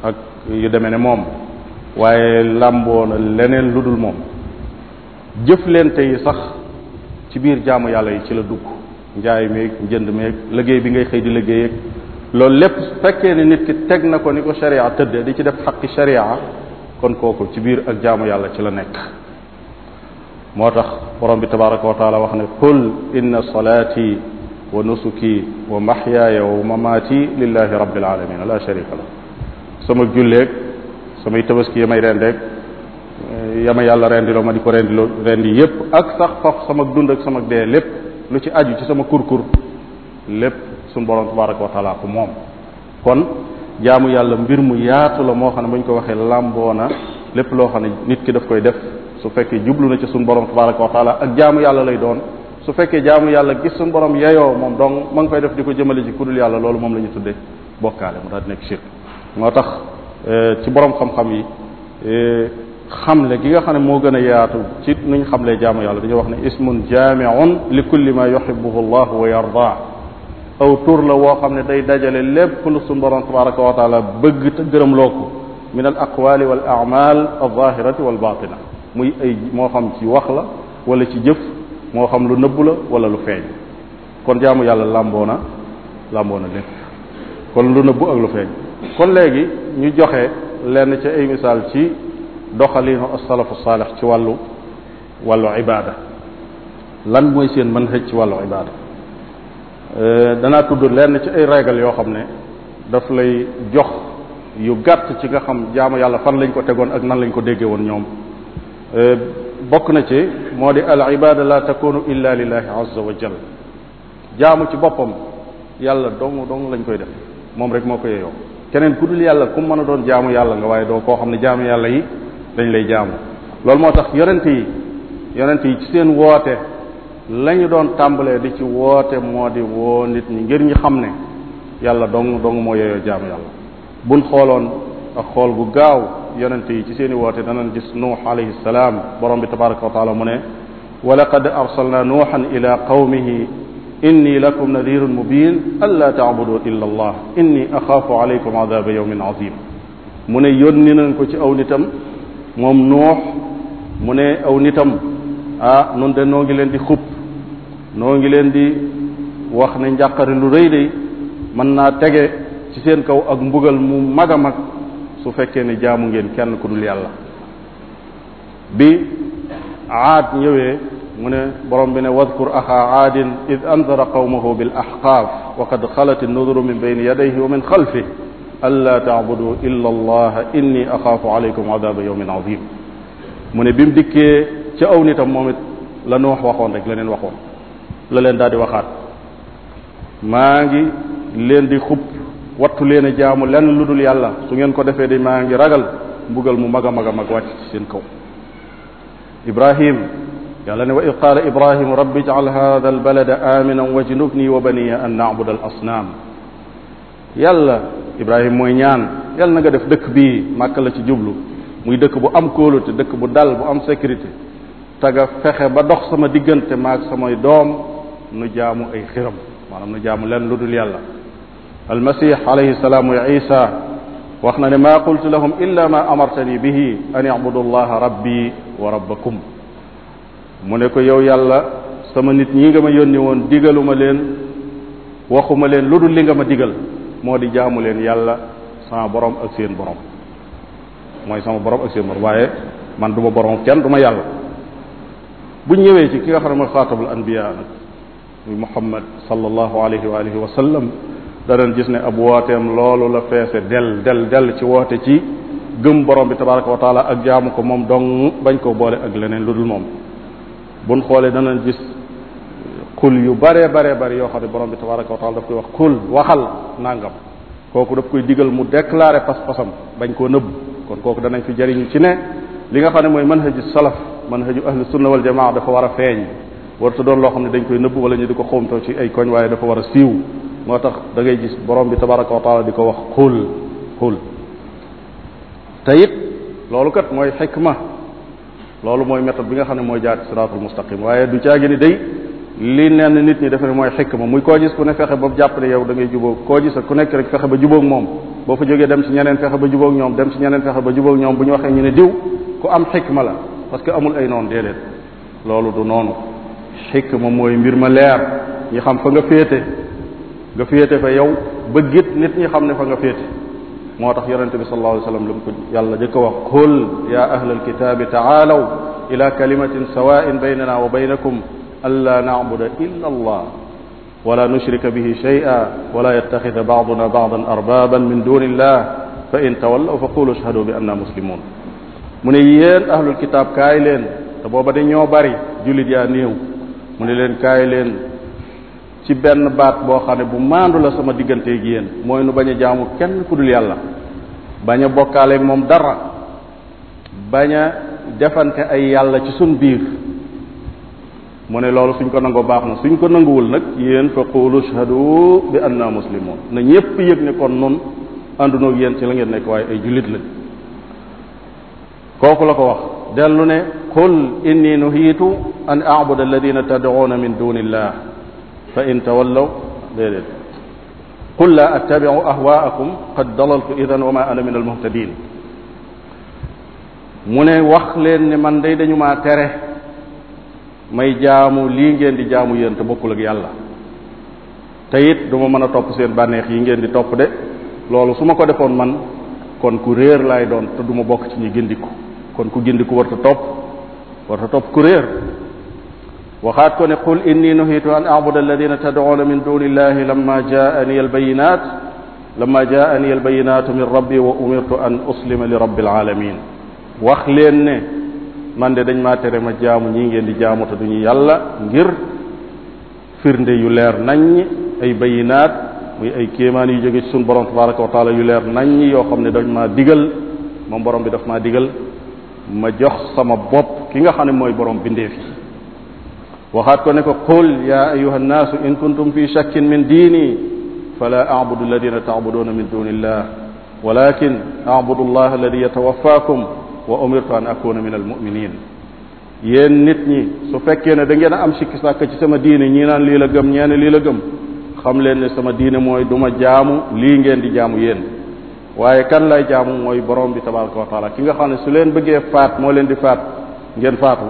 ak yu demee ne moom waaye làmboo na leneen lu dul moom leen yi sax ci biir jaamu yàlla yi ci la dugg njaay meeg njënd meeg liggéey bi ngay xëy di liggéey ak loolu lépp fekkee ne nit ki teg na ko ni ko sharia tëddee di ci def xaqi sharia kon kooku ci biir ak jaamu yàlla ci la nekk moo tax borom bi tabaraka wa wax ne qul inna salaati wa nusuki wa maxyaaya wa mamaati lillahi rabbil alamin la sharika la sama julleeg samay tabaski yamay rendi rek eh, yama yàlla rendiloo ma di ko rendiloo rendi yépp ak sax faf sama dund ak sama dee lépp lu ci aju ci sama kurkur lépp suñ borom tabaraka wa taala ko moom kon jaamu yàlla mbir mu yaatu la moo xam ne bu ñu ko waxee làmboo na lépp loo xam ne nit ki daf koy def su fekkee jublu na ci suñu borom tabaraka wa taala ak jaamu yàlla lay doon su fekkee jaamu yàlla gis suñu borom yeyoo moom donc ma ngi koy def di ko jëmale ci kudul yàlla loolu moom la ñu tuddee bokkaale mu daal di nekk shirk Euh, ci borom xam-xam yi euh, xamle gi nga xam ne moo gën a yaatu ci xam xamlee jaamu yàlla dañuy wax ne ismun jaamiun li kulli ma yuhibbuhu llah wa yarda aw la woo xam ne day dajale lépp lu suñu borom tabaraka wa taala bëgg te gërëm loo ko min al aqwali wal amal al zahirati wal batina muy ay moo xam ci wax la wala ci jëf moo xam lu nëbb wala lu feeñ kon jaamu yàlla làmboo na làmboo na lépp kon lu nëbb ak lu feeñ kon léegi ñu joxe lenn ci ay misaal ci doxaliinu asalafu saalix ci wàllu wàllu ibaada lan mooy seen mën xëj ci wàllu ibaada euh, danaa tudd lenn ci ay régal yoo xam ne daf lay jox yu gàtt ci nga xam jaamu yàlla fan lañ ko tegoon ak nan lañ ko déggee woon ñoom euh, bokk na ci moo di al ibada la takunu illa lillahi azza wa jal jaamu ci boppam yàlla dong dong lañ koy def moom rek moo ko yeyoo keneen ku yàlla ku mën a doon jaamu yàlla nga waaye doo koo xam ne jaamu yàlla yi dañ lay jaamu loolu moo tax yonent yi yonent yi ci seen woote lañu doon tàmbalee di ci woote moo di woo nit ñi ngir ñu xam ne yàlla dong dong moo yeyoo jaamu yàlla buñ xooloon ak xool gu gaaw yonent yi ci seeni i woote danañ gis nuux alayhi salaam borom bi tabaraka wa taala mu ne wa laqad arsalna nuuxan ila qawmihi inni lakum nadirun mubin alla taabudu illa allah inni axaafu aleykum adaba yawmin azim mu ne yónni nañ ko ci aw nitam moom nuux mu ne aw nitam a ah, nun de noo leen di xub noo ngi leen di wax ne njàqare lu rëy day mën naa tege ci seen kaw ak mbugal mu mag a mag su fekkee ne jamu ngeen kenn ku dul yàlla bi aad ñëwee mu ne borom bi ne wadkur axa aadin id andara qawmahu bil axqaaf wa qad xalat innuduru min bayni yadayhi wa min xalfih allaa taabudu illa allah inni axaafu aleykum adaba yawmin azim mu ne bi mu dikkee ca aw nitam moom it la noox waxoon rek la leen waxoon la leen daal di waxaat maa ngi leen di xub wattu leen a jaamu lenn lu dul yàlla su ngeen ko defee di maa ngi ragal mbugal mu mag a mag a mag wàcc seen kaw Ibrahim yàlla ne wa id qaala ibrahimu rabbi ijcal hada albalada aminan wajnubni wa baniya an naabud al asnaam yàlla ibrahim mooy ñaan yàlla na nga def dëkk bii màkk la ci jublu muy dëkk bu am kóolute dëkk bu dal bu am sécurité te nga fexe ba dox sama diggante maag samay doom nu jaamu ay xiram maanaam nu jaamu leen lu dul yàlla almasih alayhi salaam wa isa wax na ne maa qultu lahum illa ma amartani bihi an yacbudu allaha rabbi wa rabbakum mu ne ko yow yàlla sama nit ñi nga ma yónni woon digaluma leen waxuma leen lu dul li nga ma digal moo di jaamu leen yàlla sama borom ak seen borom mooy sama borom ak seen borom waaye man du ma borom kenn du ma yàlla bu ñëwee ci ki nga xam ne mooy xaatabul anbiya nag muy muhammad sallallahu alayhi wa alihi wa sallam danañ gis ne ab wooteem loolu la feese del del del ci woote ci gëm borom bi tabaraka wa ak jaamu ko moom dong bañ koo boole ak leneen lu dul moom buñ xoolee danañ gis kul yu baree bare bari yoo xam ne borom bi tabaraka wa taala daf koy wax kul waxal nàngam kooku daf koy digal mu déclarer pas-pasam bañ koo nëbb kon kooku danañ fi jariñu ci ne li nga xam ne mooy manhaju salaf manhaju ahlu sunna wal jamaa dafa war a feeñ warta doon loo xam ne dañ koy nëbb wala ñu di ko xóomtoo ci ay koñ waaye dafa war a siiw moo tax da ngay gis borom bi tabaraka wa taala di ko wax xul xul te it loolu kat loolu mooy méthode bi nga xam ne mooy jaar ci siraatul mustaqim waaye du caagi ni day li nenn nit ñi defe ne mooy xikma muy koo gis ku ne fexe ba jàpp ne yow da ngay jubóog ku nekk rek fexe ba jubóog moom boo fa jógee dem ñeneen fexe ba jubóog ñoom dem ci ñeneen fexe ba jubóog ñoom bu ñu waxee ñu ne diw ku am la parce que amul ay noonu déedéet loolu du noonu xikma mooy mbir ma leer ñi xam fa nga féete nga féete fa yow bëggit nit ñi xam ne fa nga féete moo tax yonente bi sallallahu alayhi wasallam lu mu ko yàlla jëkk a wax kul ya ahlal kitaabi taalaw ila kalimatin sawain baynana wa baynakum alla na'buda illa allah wala nushrika bihi shay'a wala yattaxida ba'duna ba'dan arbaban min duni illah fa in tawallaw fa qulu ashhadu bi anna muslimun mu ne yéen ahlul kitaab kaay leen te booba dañoo bari jullit yaa néew mu ne leen kaay leen ci benn baat boo xam ne bu maandu la sama digganteeg yéen mooy nu bañ a jaamu kenn ku dul yàlla bañ a bokkaaleeg moom dara bañ a defante ay yàlla ci suñ biir mu ne loolu suñ ko nangoo baax na suñ ko nanguwul nag yéen fa qulu shahadu bi anna muslimun na ñépp yëg ne kon nun àndunoog yéen ci la ngeen nekk waaye ay jullit lañ kooku la ko wax dellu ne qul inni nuhiitu an abuda alladina tad'una min duni fa in tawallaw déedéet qul laa attabiu ahwaakum qad dalaltu idan wa ma ana min almuhtadin mu ne wax leen ne man dey dañu ma tere may jaamu lii ngeen di jaamu yéen te bokkul ak yàlla te it du ma mën a topp seen bànneex yi ngeen di topp de loolu su ma ko defoon man kon ku réer lay doon te du ma bokk ci ñuy gindiku kon ku gindiku warta topp warta topp ku réer waxaat ko ne qul inni nuhitu an abuda alladina tad'una min duni illahi lamma jaani albayinat lamma jaani albayinatu min rabbi wa umirtu an uslima li rabbil alamin wax leen ne man de dañ maa tere ma jaamu ñii ngeen di jaamu te duñu yàlla ngir firnde yu leer naññ ay bayinaat muy ay kéemaan yu jóge ci suñu borom tabaraka wa taala yu leer naññ yoo xam ne dañ maa digal moom borom bi daf maa digal ma jox sama bop ki nga xam ne mooy borom bindeef yi waxaat ko ne ko qul ya ayuha nnaasu in kuntum fi shakkin min diini fala abudu alladina tacbuduuna min duni illah walakin abudu allah alladi yatawafaakum wa umirtu an akuna min almuminin yéen nit ñi su fekkee ne da ngeen a am sikki sàkk ci sama diine ñii naan lii la gëm ñee ne lii la gëm xam leen ne sama diine mooy du ma jaamu lii ngeen di jaamu yéen waaye kan lay jaamu mooy borom bi tabaraka wa taala ki nga xam ne su leen bëggee faat moo leen di faat ngeen faatu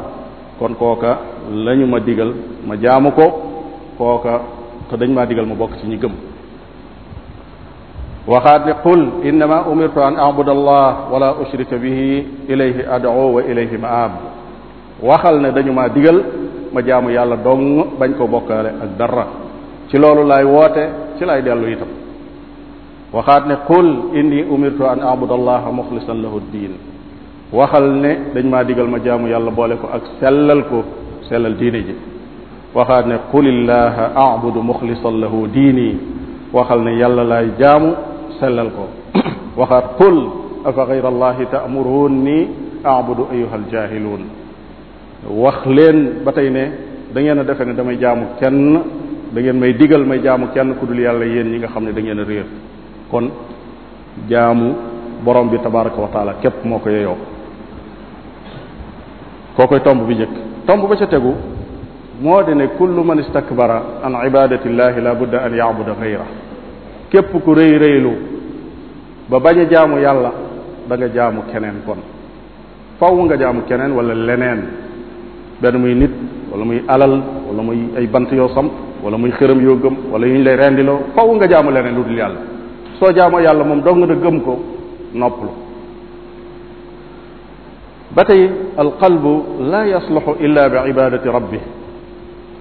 kon kooka lañu ma digal ma jaamu ko kooka te dañ ma digal ma bokk ci ñi gëm waxaat ne qul innama umirtu an abuda allah wala ushrika bihi ilayhi ad'u wa ilayhi maab waxal ne dañu ma digal ma jaamu yàlla dong bañ ko bokkaale ak dara ci loolu laay woote ci laay dellu itam waxaat ne qul inni umirtu an abuda allah muxlisan lahu diin waxal ne dañ ma digal ma jaamu yàlla boole ko ak sellal ko sellal diine ji waxaat ne qulillaha abudu muxlisan lahu diini waxal ne yàlla lay jaamu sellal ko *clears throat* waxaat qul afa gayra allahi taamuruunni abudu ayuha aljahiluun wax leen ba tey ne dangeen a defe ne damay jaamu kenn dangeen may digal may jaamu kenn ku dul yàlla yéen ñi nga xam ne dangeen a réer kon jaamu borom bi tabaraka wa taala képp moo ko yeyoo koo koy tomb bi njëkk tomb ba ca tegu moo di ne kullu man istakbara an ibadatillahi la budda an yaabuda gayra képp ku rëy rëylu ba bañ a jaamu yàlla da jaamu keneen kon faw nga jaamu keneen wala leneen benn muy nit wala muy alal wala muy ay bant yoo samp wala muy xërëm yoo gëm wala yu ñu lay rendiloo faw nga jaamu leneen lu dul yàlla soo jaamoo yàlla moom dong nga gëm ko noppalu ba tey alqalbu la yasluxu illa bi ibadati rabbi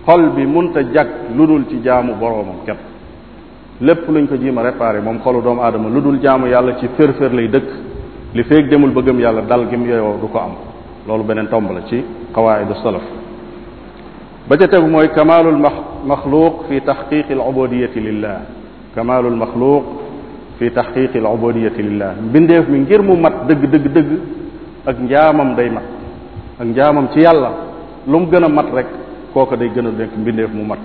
xol bi munta jag lu dul ci jaamu borom képp lépp luñ ko jiima réparé moom xolu doomu aadama lu dul jaamu yàlla ci fér lay dëkk li feeg demul bëggam yàlla dal gi mu yeyoo du ko am loolu beneen tomb la ci qawaidu salaf ba ca tegu mooy kamaalul maxluuq fi taxqiqi al ubudiyati lillah kamaalul maxluuq fi taxqiqi al ubudiyati lillah mbindeef mi ngir mu mat dëgg dëgg dëgg ak njaamam day mat ak njaamam ci yàlla lu mu gën a mat rek kooka day gën a nekk mbindeef mu mat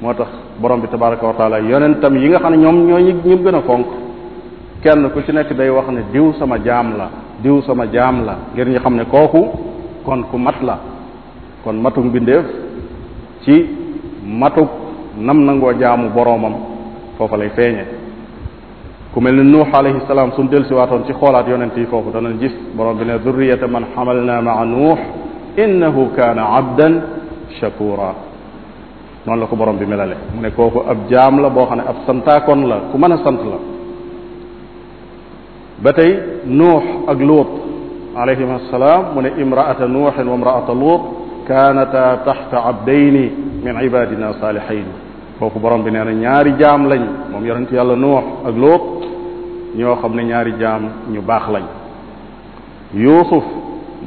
moo tax borom bi tabaraka wa taala yonentam yi nga xam ne ñoom ñoo ñu gën a fonk kenn ku ci nekk day wax ne diw sama jaam la diw sama jaam la ngir ñu xam ne kooku kon ku mat la kon matuk mbindeef ci matuk nam nangoo jaamu boromam foofa lay feeñe ku mel ne nuux alayhi salaam suñ del siwaatoon ci xoolaat yonent yi foofu danañ gis borom bi ne zurriyata man xamalna maa nuux innahu kaana abdan shakura noonu la ko borom bi melale mu ne kooku ab jaam la boo xam ne ab santaakoon la ku mën a sant la ba tey nuux ak luut alayhim assalaam mu ne imraata nuuxin wa imraata luut kaanataa taxta abdayni min ibadina saalihayn foofu borom bi nee na ñaari jaam lañ moom yonent yàlla nuux ak lóot ñoo xam ne ñaari jaam ñu baax lañ yuusuf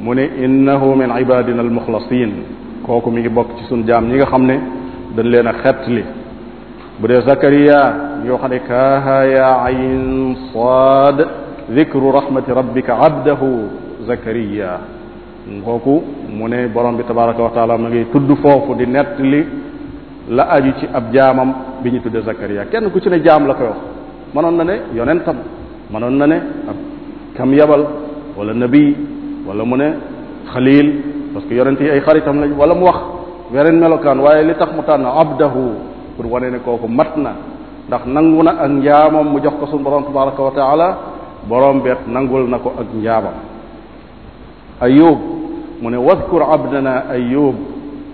mu ne innahu min ibadina al muxlasin kooku mi ngi bokk ci suñ jaam ñi nga xam ne dañ leen a xett bu dee zakariya yoo xam ne kaaha ya ayn saad dikru rahmati rabbika abdahu zakariya kooku mu ne borom bi tabaraka wa taala ma ngi tudd foofu di nett la aju ci ab jaamam bi ñu tudde Zakaria kenn ku ci ne jaam la koy wax mënoon na ne yonentam mënoon na ne ab kam yabal wala nabi wala mu ne xalil parce que yonent yi ay xaritam lañ wala mu wax wenen melokaan waaye li tax mu tànn abdahu pour wane ne kooku mat na ndax nangu na ak njaamam mu jox ko suñu borom tabaraka wa taala borom beet nangul na ko ak njaamam ayub mu ne wadkur abdana ayub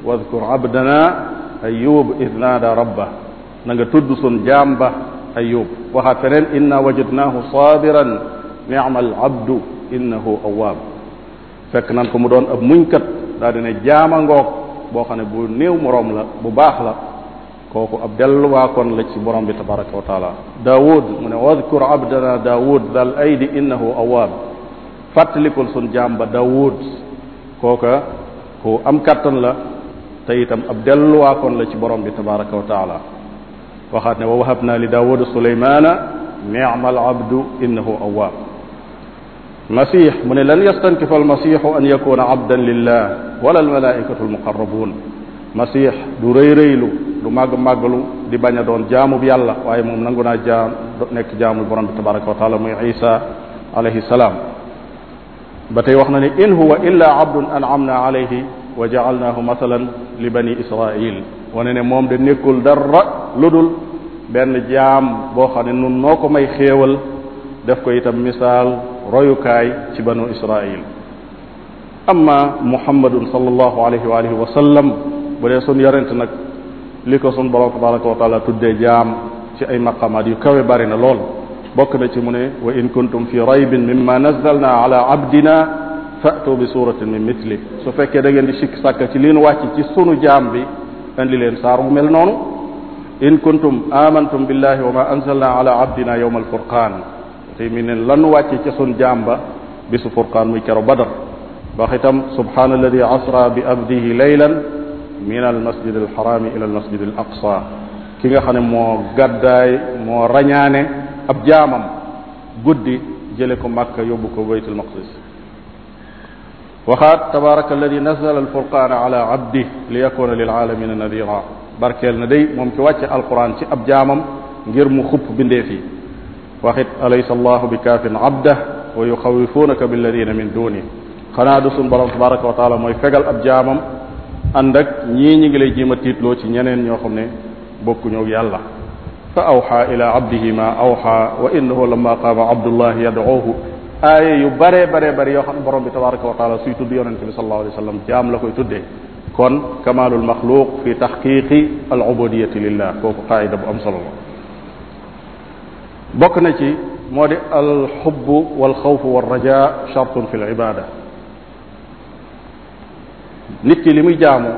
wadkur abdana ayub id naada rabba na nga tudd sun jaam ba ayub waxaat feneen inna wajadnaahu sabiran ni'mal abdu innahu awwaab fekk nan ko mu doon ab muñkat daa dina jaama ngoog boo xam ne bu néew moroom la bu baax la kooku ab kon la ci borom bi tabaraka wa taala daawud mu ne wadkur abdana daawud dal aydi innahu awaab fàttalikul sun jaam daawud kooka am kattan la te itam ab delluwaakoon la ci borom bi tabaraka wa taala waxaat ne wa wahab naa li daawuda suleymaana al abdu innahu awwaab masix mu ne lan yastankifa almasixu an yakuna abdan lillah wala almalaikatu almuqarrabun masix du rëy du màgg màggalu di bañ a doon jaamub yàlla waaye moom nangu naa jaam nekk jaamu borom bi tabaraka wa taala muy isa alayhi salaam ba tey wax na ne in wa jaalnaahu masalan li bani israil wane ne moom de nekkul dara lu dul benn jaam boo xam ne nun noo ko may xéewal def ko itam misaal royukaay ci banu israil amma muhammadun sallallahu alayhi wa alihi wa sallam bu dee sun yonent nag li ko sun borom tabaraka wa taala tuddee jaam ci ay maqamaat yu kawe bari na lool bokk na ci mu ne wa in kuntum fi raybin mimma nazzalna ala abdina fa'tu bi suratin min mithli su fekkee da ngeen di sikk sàkka ci liin wàcc ci sunu jaam bi indi leen saar wu mel noonu in kuntum amantum billahi wa ma anzalna ala abdina yawma alfurqan tey mi ne lan wàcce ca sun jaam ba bisu furqaan muy kero badar wax itam subhana alladi asra bi abdihi laylan min almasjid alxarami ila almasjid al aqsa ki nga xam ne moo gàddaay moo rañaane ab jaamam guddi jële ko màkka yóbbu ko baytul maqdis waxaat tabaraka alladi nazala alfurqaana ala abdi li yakuna lil alamina nadira barkeel na day moom ki wàcce alquran ci ab jaamam ngir mu xupp bindeef yi waxit alaysa allahu bi kaafin abdah wa yuxawifunaka billadina min duni xanaa du sun borom tabaraka wa taala mooy fegal ab jaamam ànd ak ñii ñi ngi lay jéem a tiitloo ci ñeneen ñoo xam ne bokkuñoo yàlla fa awxa ila abdihi ma awxa wa innahu lamma qaama abdullahi yadcuuhu aaya yu bare bare bari yoo xam ne borom bi tabaraka wa taala suy tudd yonente bi sallallahu alayhi wa sallam jaam la koy tuddee kon kamaalul maxluq fi taxqiqi al ubudiyati lillah kooku qaayida bu am solo la bokk na ci moo di al xubbu wal xawfu wal rajaa chartun fi l ibada nit ki li muy jaamu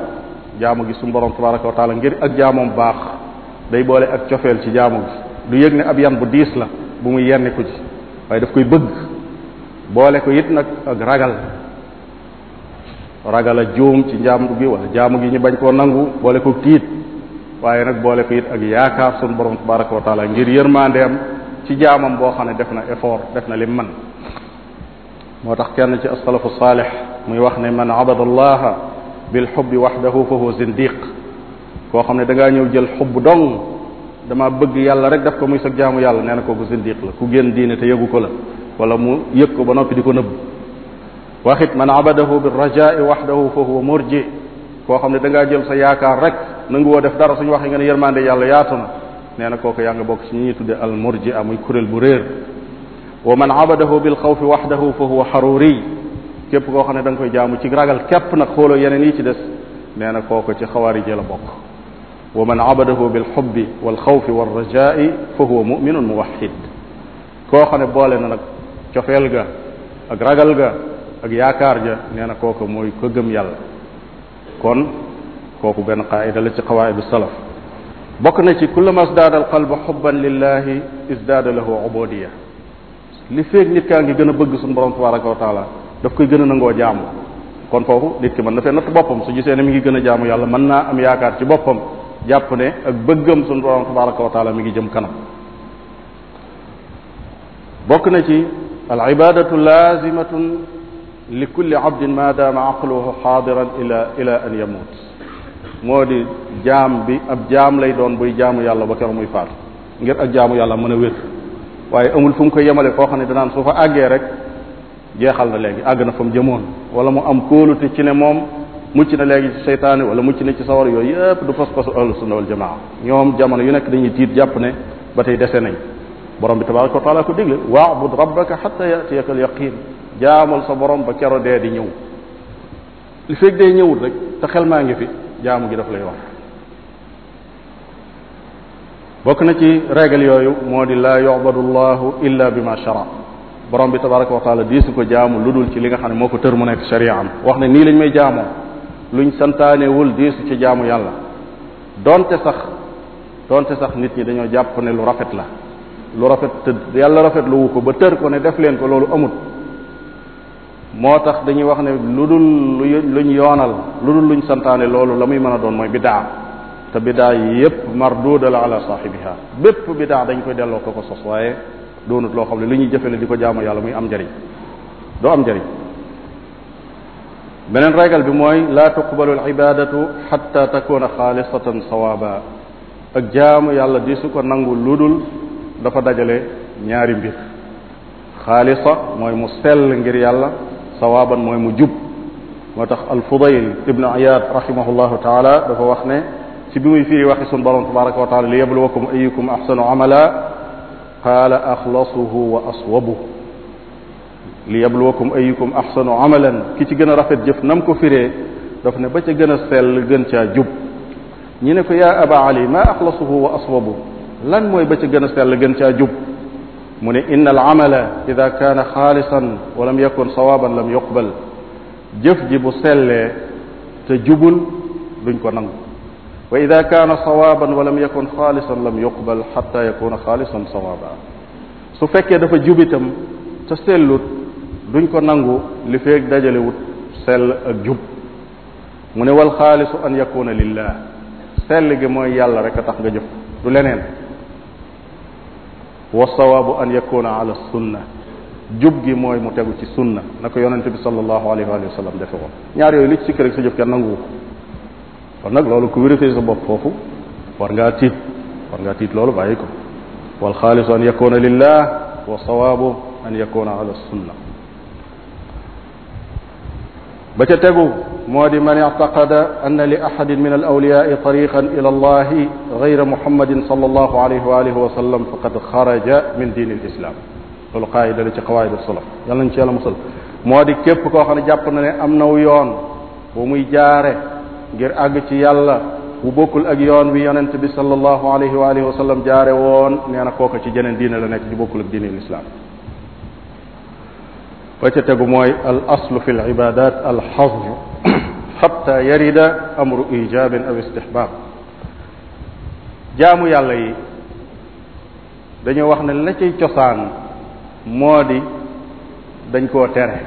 jaamu gi suñu borom tabaraka wa taala ngir ak jaamoom baax day boole ak cofeel ci jaamu gi du yëg ne ab yan bu diis la bu muy yenniku ci waaye daf koy bëgg boole ko it nag ak ragal ragal a juum ci njaamu gi wala jaamu gi ñu bañ koo nangu boole ko tiit waaye nag boole ko it ak yaakaar sunu borom tabaraka wa taala ngir yërmandeem ci jaamam boo xam ne def na effort def na lim man moo tax kenn ci asalafu saalix muy wax ne man abada allaha bil xubbi waxdahu fa huwa zindiq koo xam ne da ngaa ñëw jël xubb dong dama bëgg yàlla rek def ko muy sa jaamu yàlla nee na kooku zindiq la ku génn diine te yëgu ko la wala mu yëg ko ba noppi di ko nëbb waxit man abadahu bi rajai waxdahu fa huwa murji koo xam ne da ngaa jël sa yaakaar rek nangu woo def dara suñu waxee nga ne yërmande yàlla yaatu na nee na kooku yaa nga bokk ci ñi ñuy tudde al murji amuy kuréel bu réer wa man abadahu bil xawfi waxdahu fa huwa xaruri képp koo xam ne da koy jaamu ci ragal képp nag xooloo yeneen yi ci des nee na kooku ci xawaarij la bokk wa man abadahu bil xubbi wal xawfi wal rajai fa huwa muminun muwaxid koo xam ne boole na nag cofeel ga ak ragal ga ak yaakaar ja nee na kooku mooy ko gëm yàlla kon kooku benn qaayida la ci qawaayidu salaf bokk na ci kullama isdaada al qalbu xubban lillahi isdaada lahu ubudiya li feeg nit kaa ngi gën a bëgg suñu borom tabaraka wa taala daf koy gën nangoo jaamu kon foofu nit ki mën na fee natt boppam su gisee ne mi ngi gën a jaamu yàlla mën naa am yaakaar ci boppam jàpp ne ak bëggam suñu borom tabaraka wa taala mi ngi jëm kanam bokk na ci al ibadatu lazimatun li kulli abdin ma daama aqluhu xaadiran ila ila an yamut moo di jaam bi ab jaam lay doon buy jaamu yàlla ba keroog muy faatu ngir ak jaamu yàlla mën a wér waaye amul fu mu koy yemale foo xam ne danaan su fa àggee rek jeexal na léegi àgg na fa mu jëmoon wala mu am kóolute ci ne moom mucc na léegi ci seytaane wala mucc na ci sawar yooyu yëpp du pas-pasu ahlu sunna wal jamaa ñoom jamono yu nekk dañuy tiit jàpp ne ba tey dese nañ borom bi tabaraka wa taala ko digle waabud rabbaka xata yatiyaka al yaqin jaamal sa borom ba kero dee di ñëw li fekk dee ñëwut rek te xel maa ngi fi jaamu gi daf lay war bokk na ci régal yooyu moo di la laa yubadu llahu illa bi ma shara borom bi tabaraka wa taala diisu ko jaamu lu dul ci li nga xam ne moo ko tër mu nekk sharia am wax na nii lañ may jaamoo luñ santaanewul diisu ci jaamu yàlla donte sax donte sax nit ñi dañoo jàpp ne lu rafet la lu rafet te yàlla rafetlu wu ko ba tër ko ne def leen ko loolu amut moo tax dañuy wax ne lu dul lu luñ yoonal lu dul luñ santaane loolu la muy mën a doon mooy bidaa te bidaa yépp marduuda la ala saaxibiha bépp bidaa dañ koy delloo ko ko sos waaye doonut loo xam ne li ñuy jëfe la di ko jaamu yàlla muy am njariñ doo am njariñ beneen regal bi mooy laa tuqbalu al ibadatu xatta takuna xaalisatan sawaaba ak jaamu yàlla di su ko nangu lu dul dafa dajale ñaari mbir xaalisa mooy mu sell ngir yàlla sawaaban mooy mu jub moo tax alfudayl ibnu ayad rahimahullahu taala dafa wax ne ci bi muy firi waxi sun borom tabaraka wa taala li yabluwakum ayukum ahsanu amala qaala axlasuhu wa aswabu li yabluwakum ayukum ahsanu amalan ki ci gën a rafet jëf nam ko firee daf ne ba ca gën a sell gën caa jub ñi ne ko yaa aba ali ma axlasuhu wa aswabu lan mooy ba ca gën a sell gën caa jub mu ne inna al amala ida kaana xaalisan wa lam yakun sawaban lam yuqbal jëf ji bu sellee te jubul duñ ko nangu wa ida kaana sawaban wa lam yakun xaalisan lam yuqbal xata yakuna xaalisan sawaba su fekkee dafa jubitam te sellut duñ ko nangu li feeg dajalewut sell ak jub mu ne wal xaalisu an yakuna lillah sell gi mooy yàlla rek a tax nga jëf du leneen wa sawaabu an yakuna ala sunna jub gi mooy mu tegu ci sunna na ko yonente bi sallallahu alayhi wa sallam defe woon ñaar yooyu li ci sikk rek sa jëf kenn nanguwu ko kon nag loolu ku vérifier sa bopp foofu war ngaa tiit war ngaa tiit loolu bàyyi ko wal xaalisu an yakuna lillah wa sawaabu an yakuna ala sunna ba ca tegu moo di man ictaqada anna li ahadin min alawliyaai tariqan ila allahi gayra muhammadin sallallahu alayhi wa alihi wa sallam faqad xaraja min diini lislam loolu qaayida la ci qawaayid salaf yàlla nañ ci yàlla musal moo di képp koo xam ne jàpp na ne am naw yoon muy jaare ngir àgg ci yàlla bu bokkul ak yoon wi yonent bi sallallahu alayhi wa alihi wa sallam jaare woon nee na kooka ci jeneen diine la nekk ju bokkul ak diine lislaam ba ca tegu mooy al aslu fi l ibadat al xadr *clears throat* xatta yarida amru ijabin aw istihbab jaamu yàlla yi dañoo wax ne la cay cosaan moo di dañ koo tere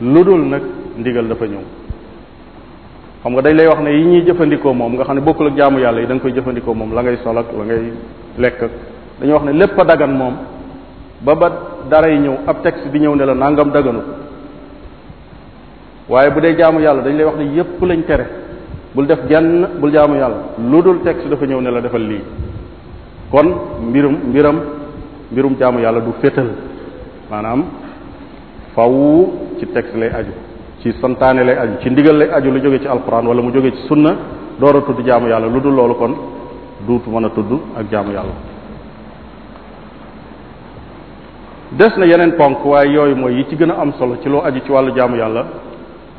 lu dul nag ndigal dafa ñëw xam nga dañ lay wax ne yi ñuy jëfandikoo moom nga xam ne bokkul ak jaamu yàlla yi da koy jëfandikoo moom la ngay sol ak la ngay lekk ak wax ne lépp a dagan moom ba ba daray ñëw ab texte bi ñëw ne la nangam daganut waaye bu dee jaamu yàlla dañ lay wax ne yépp lañ tere bul def genn bul jaamu yàlla lu dul texte dafa ñëw ne la defal lii kon mbirum mbiram mbirum jaamu yàlla du fétal maanaam faw ci texte lay aju ci santaane lay aju ci ndigal lay aju lu jóge ci alquran wala mu jóge ci sunna door a tudd jaamu yàlla lu dul loolu kon duutu mën a tudd ak jaamu yàlla des na yeneen ponk waaye yooyu mooy yi ci gën a am solo ci loo aju ci wàllu jaamu yàlla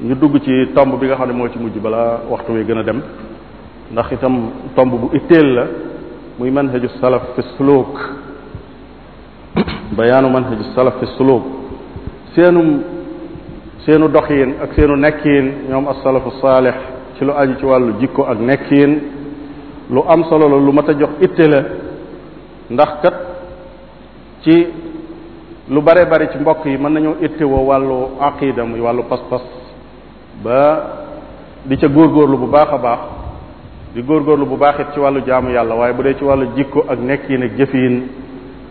ñu dugg ci tomb bi nga xam ne moo ci mujj balaa waxtu wee gën a dem ndax itam tomb bu itteel la muy manhaju salaf fi suluk bayaanu manhaju salaf fi suluk seenum seenu doxiin ak seenu nekkin ñoom as-salafu saalix ci lu aju ci wàllu jikko ak nekkiin lu am solo la lu mat a jox itte la ndax kat ci lu bare bari ci mbokk yi mën nañoo ittewoo wàllu aqida muy wàllu pas-pas ba di ca góorgóorlu bu baax a baax di góorgóorlu bu baax ci wàllu jaamu yàlla waaye bu dee ci wàllu jikko ak nekkin ak jëfiin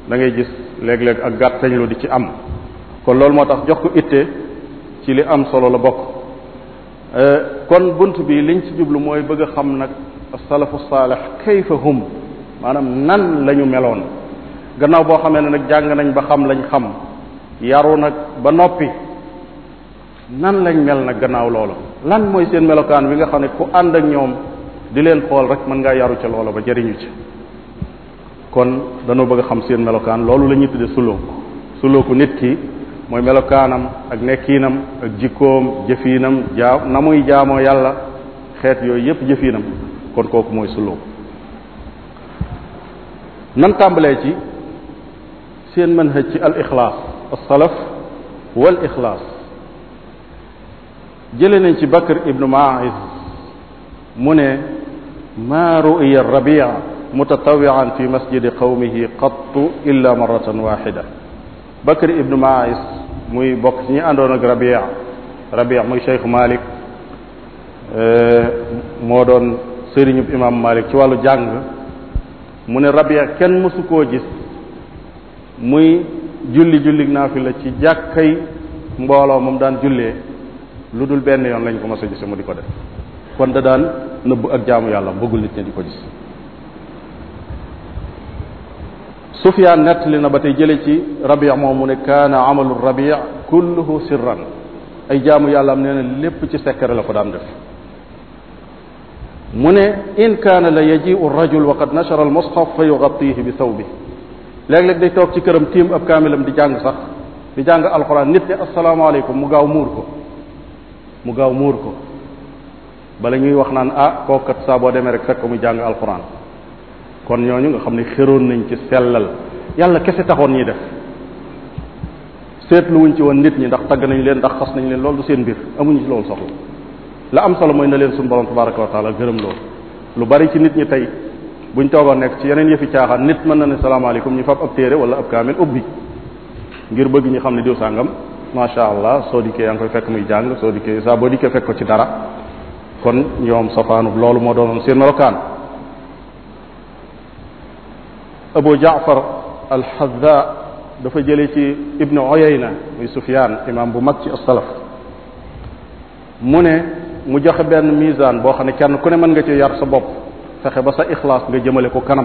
da ngay gis léeg-léeg ak gàttañ lu di ci am kon loolu moo tax jox ko itte ci li am solo la bokk euh, kon bunt bi liñ ci jublu mooy bëgg a xam nag salafu saalix kayfa hum maanaam nan lañu ñu meloon gannaaw boo xamee ne nag jàng nañ ba xam lañ xam yaru nag ba noppi nan lañ mel na gannaaw loola lan mooy seen melokaan bi nga xam ne ku ànd ak ñoom di leen xool rek mën ngaa yaru ca loola ba jariñu ci kon dañoo bëgg xam seen melokaan loolu lañuy ñuy tudde sulooku sulooku nit ki mooy melokaanam ak nekkiinam ak jikkoom jëfiinam jaa na muy jaamoo yàlla xeet yooyu yépp jëfiinam kon kooku mooy sulooku nan tàmbalee ci seen manhaj ci al ixlaas alsalaf wal ixlaas jële nañ ci bakr ibnu maiz mu ne maa ru'iya rabia mutatawian fi masjidi qawmihi qattu illa marratan waxida bakr ibnu maiz muy bokk ci ñi àndoon ak rabia rabia muy cheikhu malik eh, moo doon sëriñub imam malik ci wàllu jàng mu ne rabia kenn mësu koo gis muy julli julli la ci jàkkay mbooloo moom daan jullee lu dul benn yoon lañ ko mos a gis mu di ko def kon da daan nëbb ak jaamu yàlla bëggul nit ñi di ko gis sufyaan nettali na ba tey jële ci rabi' moom mu ne kaana amalu rabi' kulluhu sirran ay jaamu yàlla am nee na lépp ci sekkare la ko daan def ne in kaana la yaji'u rajul wa qad nashara al mushaf fa yughatihi bi thawbihi léeg-léeg day toog ci këram tiim ab kaamilam di jàng sax di jàng alxuraan nit ne asalaamaaleykum mu gaaw muur ko mu gaaw muur ko bala ñuy wax naan ah kookat saa boo demee rek fekk ko muy jàng alxuraan kon ñooñu nga xam ne xéroon nañ ci sellal yàlla kese taxoon ñuy def wuñ ci woon nit ñi ndax tagg nañ leen ndax xas nañ leen loolu du seen mbir amuñu ci loolu soxla la am solo mooy na leen suñu borom tabaraka wa taala gërëm loolu lu bari ci nit ñi tey bu buñ toogoon nekk ci yeneen yëfi caaxaan nit mën na ne salaamaaleykum ñu fab ab téere wala ab kaamil ubbi ngir bëgg ñu xam ne diw sàngam macha allah soo dikkee yaa ngi koy fekk muy jàng soo dikkee saa boo dikkee fekk ko ci dara kon ñoom safaanu loolu moo doonoon seen melokaan abu jaafar dafa jële ci ibnu oyeyna muy sufyaan imaam bu mag ci asalaf mu ne mu joxe benn misaan boo xam ne kenn ku ne mën nga ci yar sa bopp fexe ba sa ixlaas nga jëmale ko kanam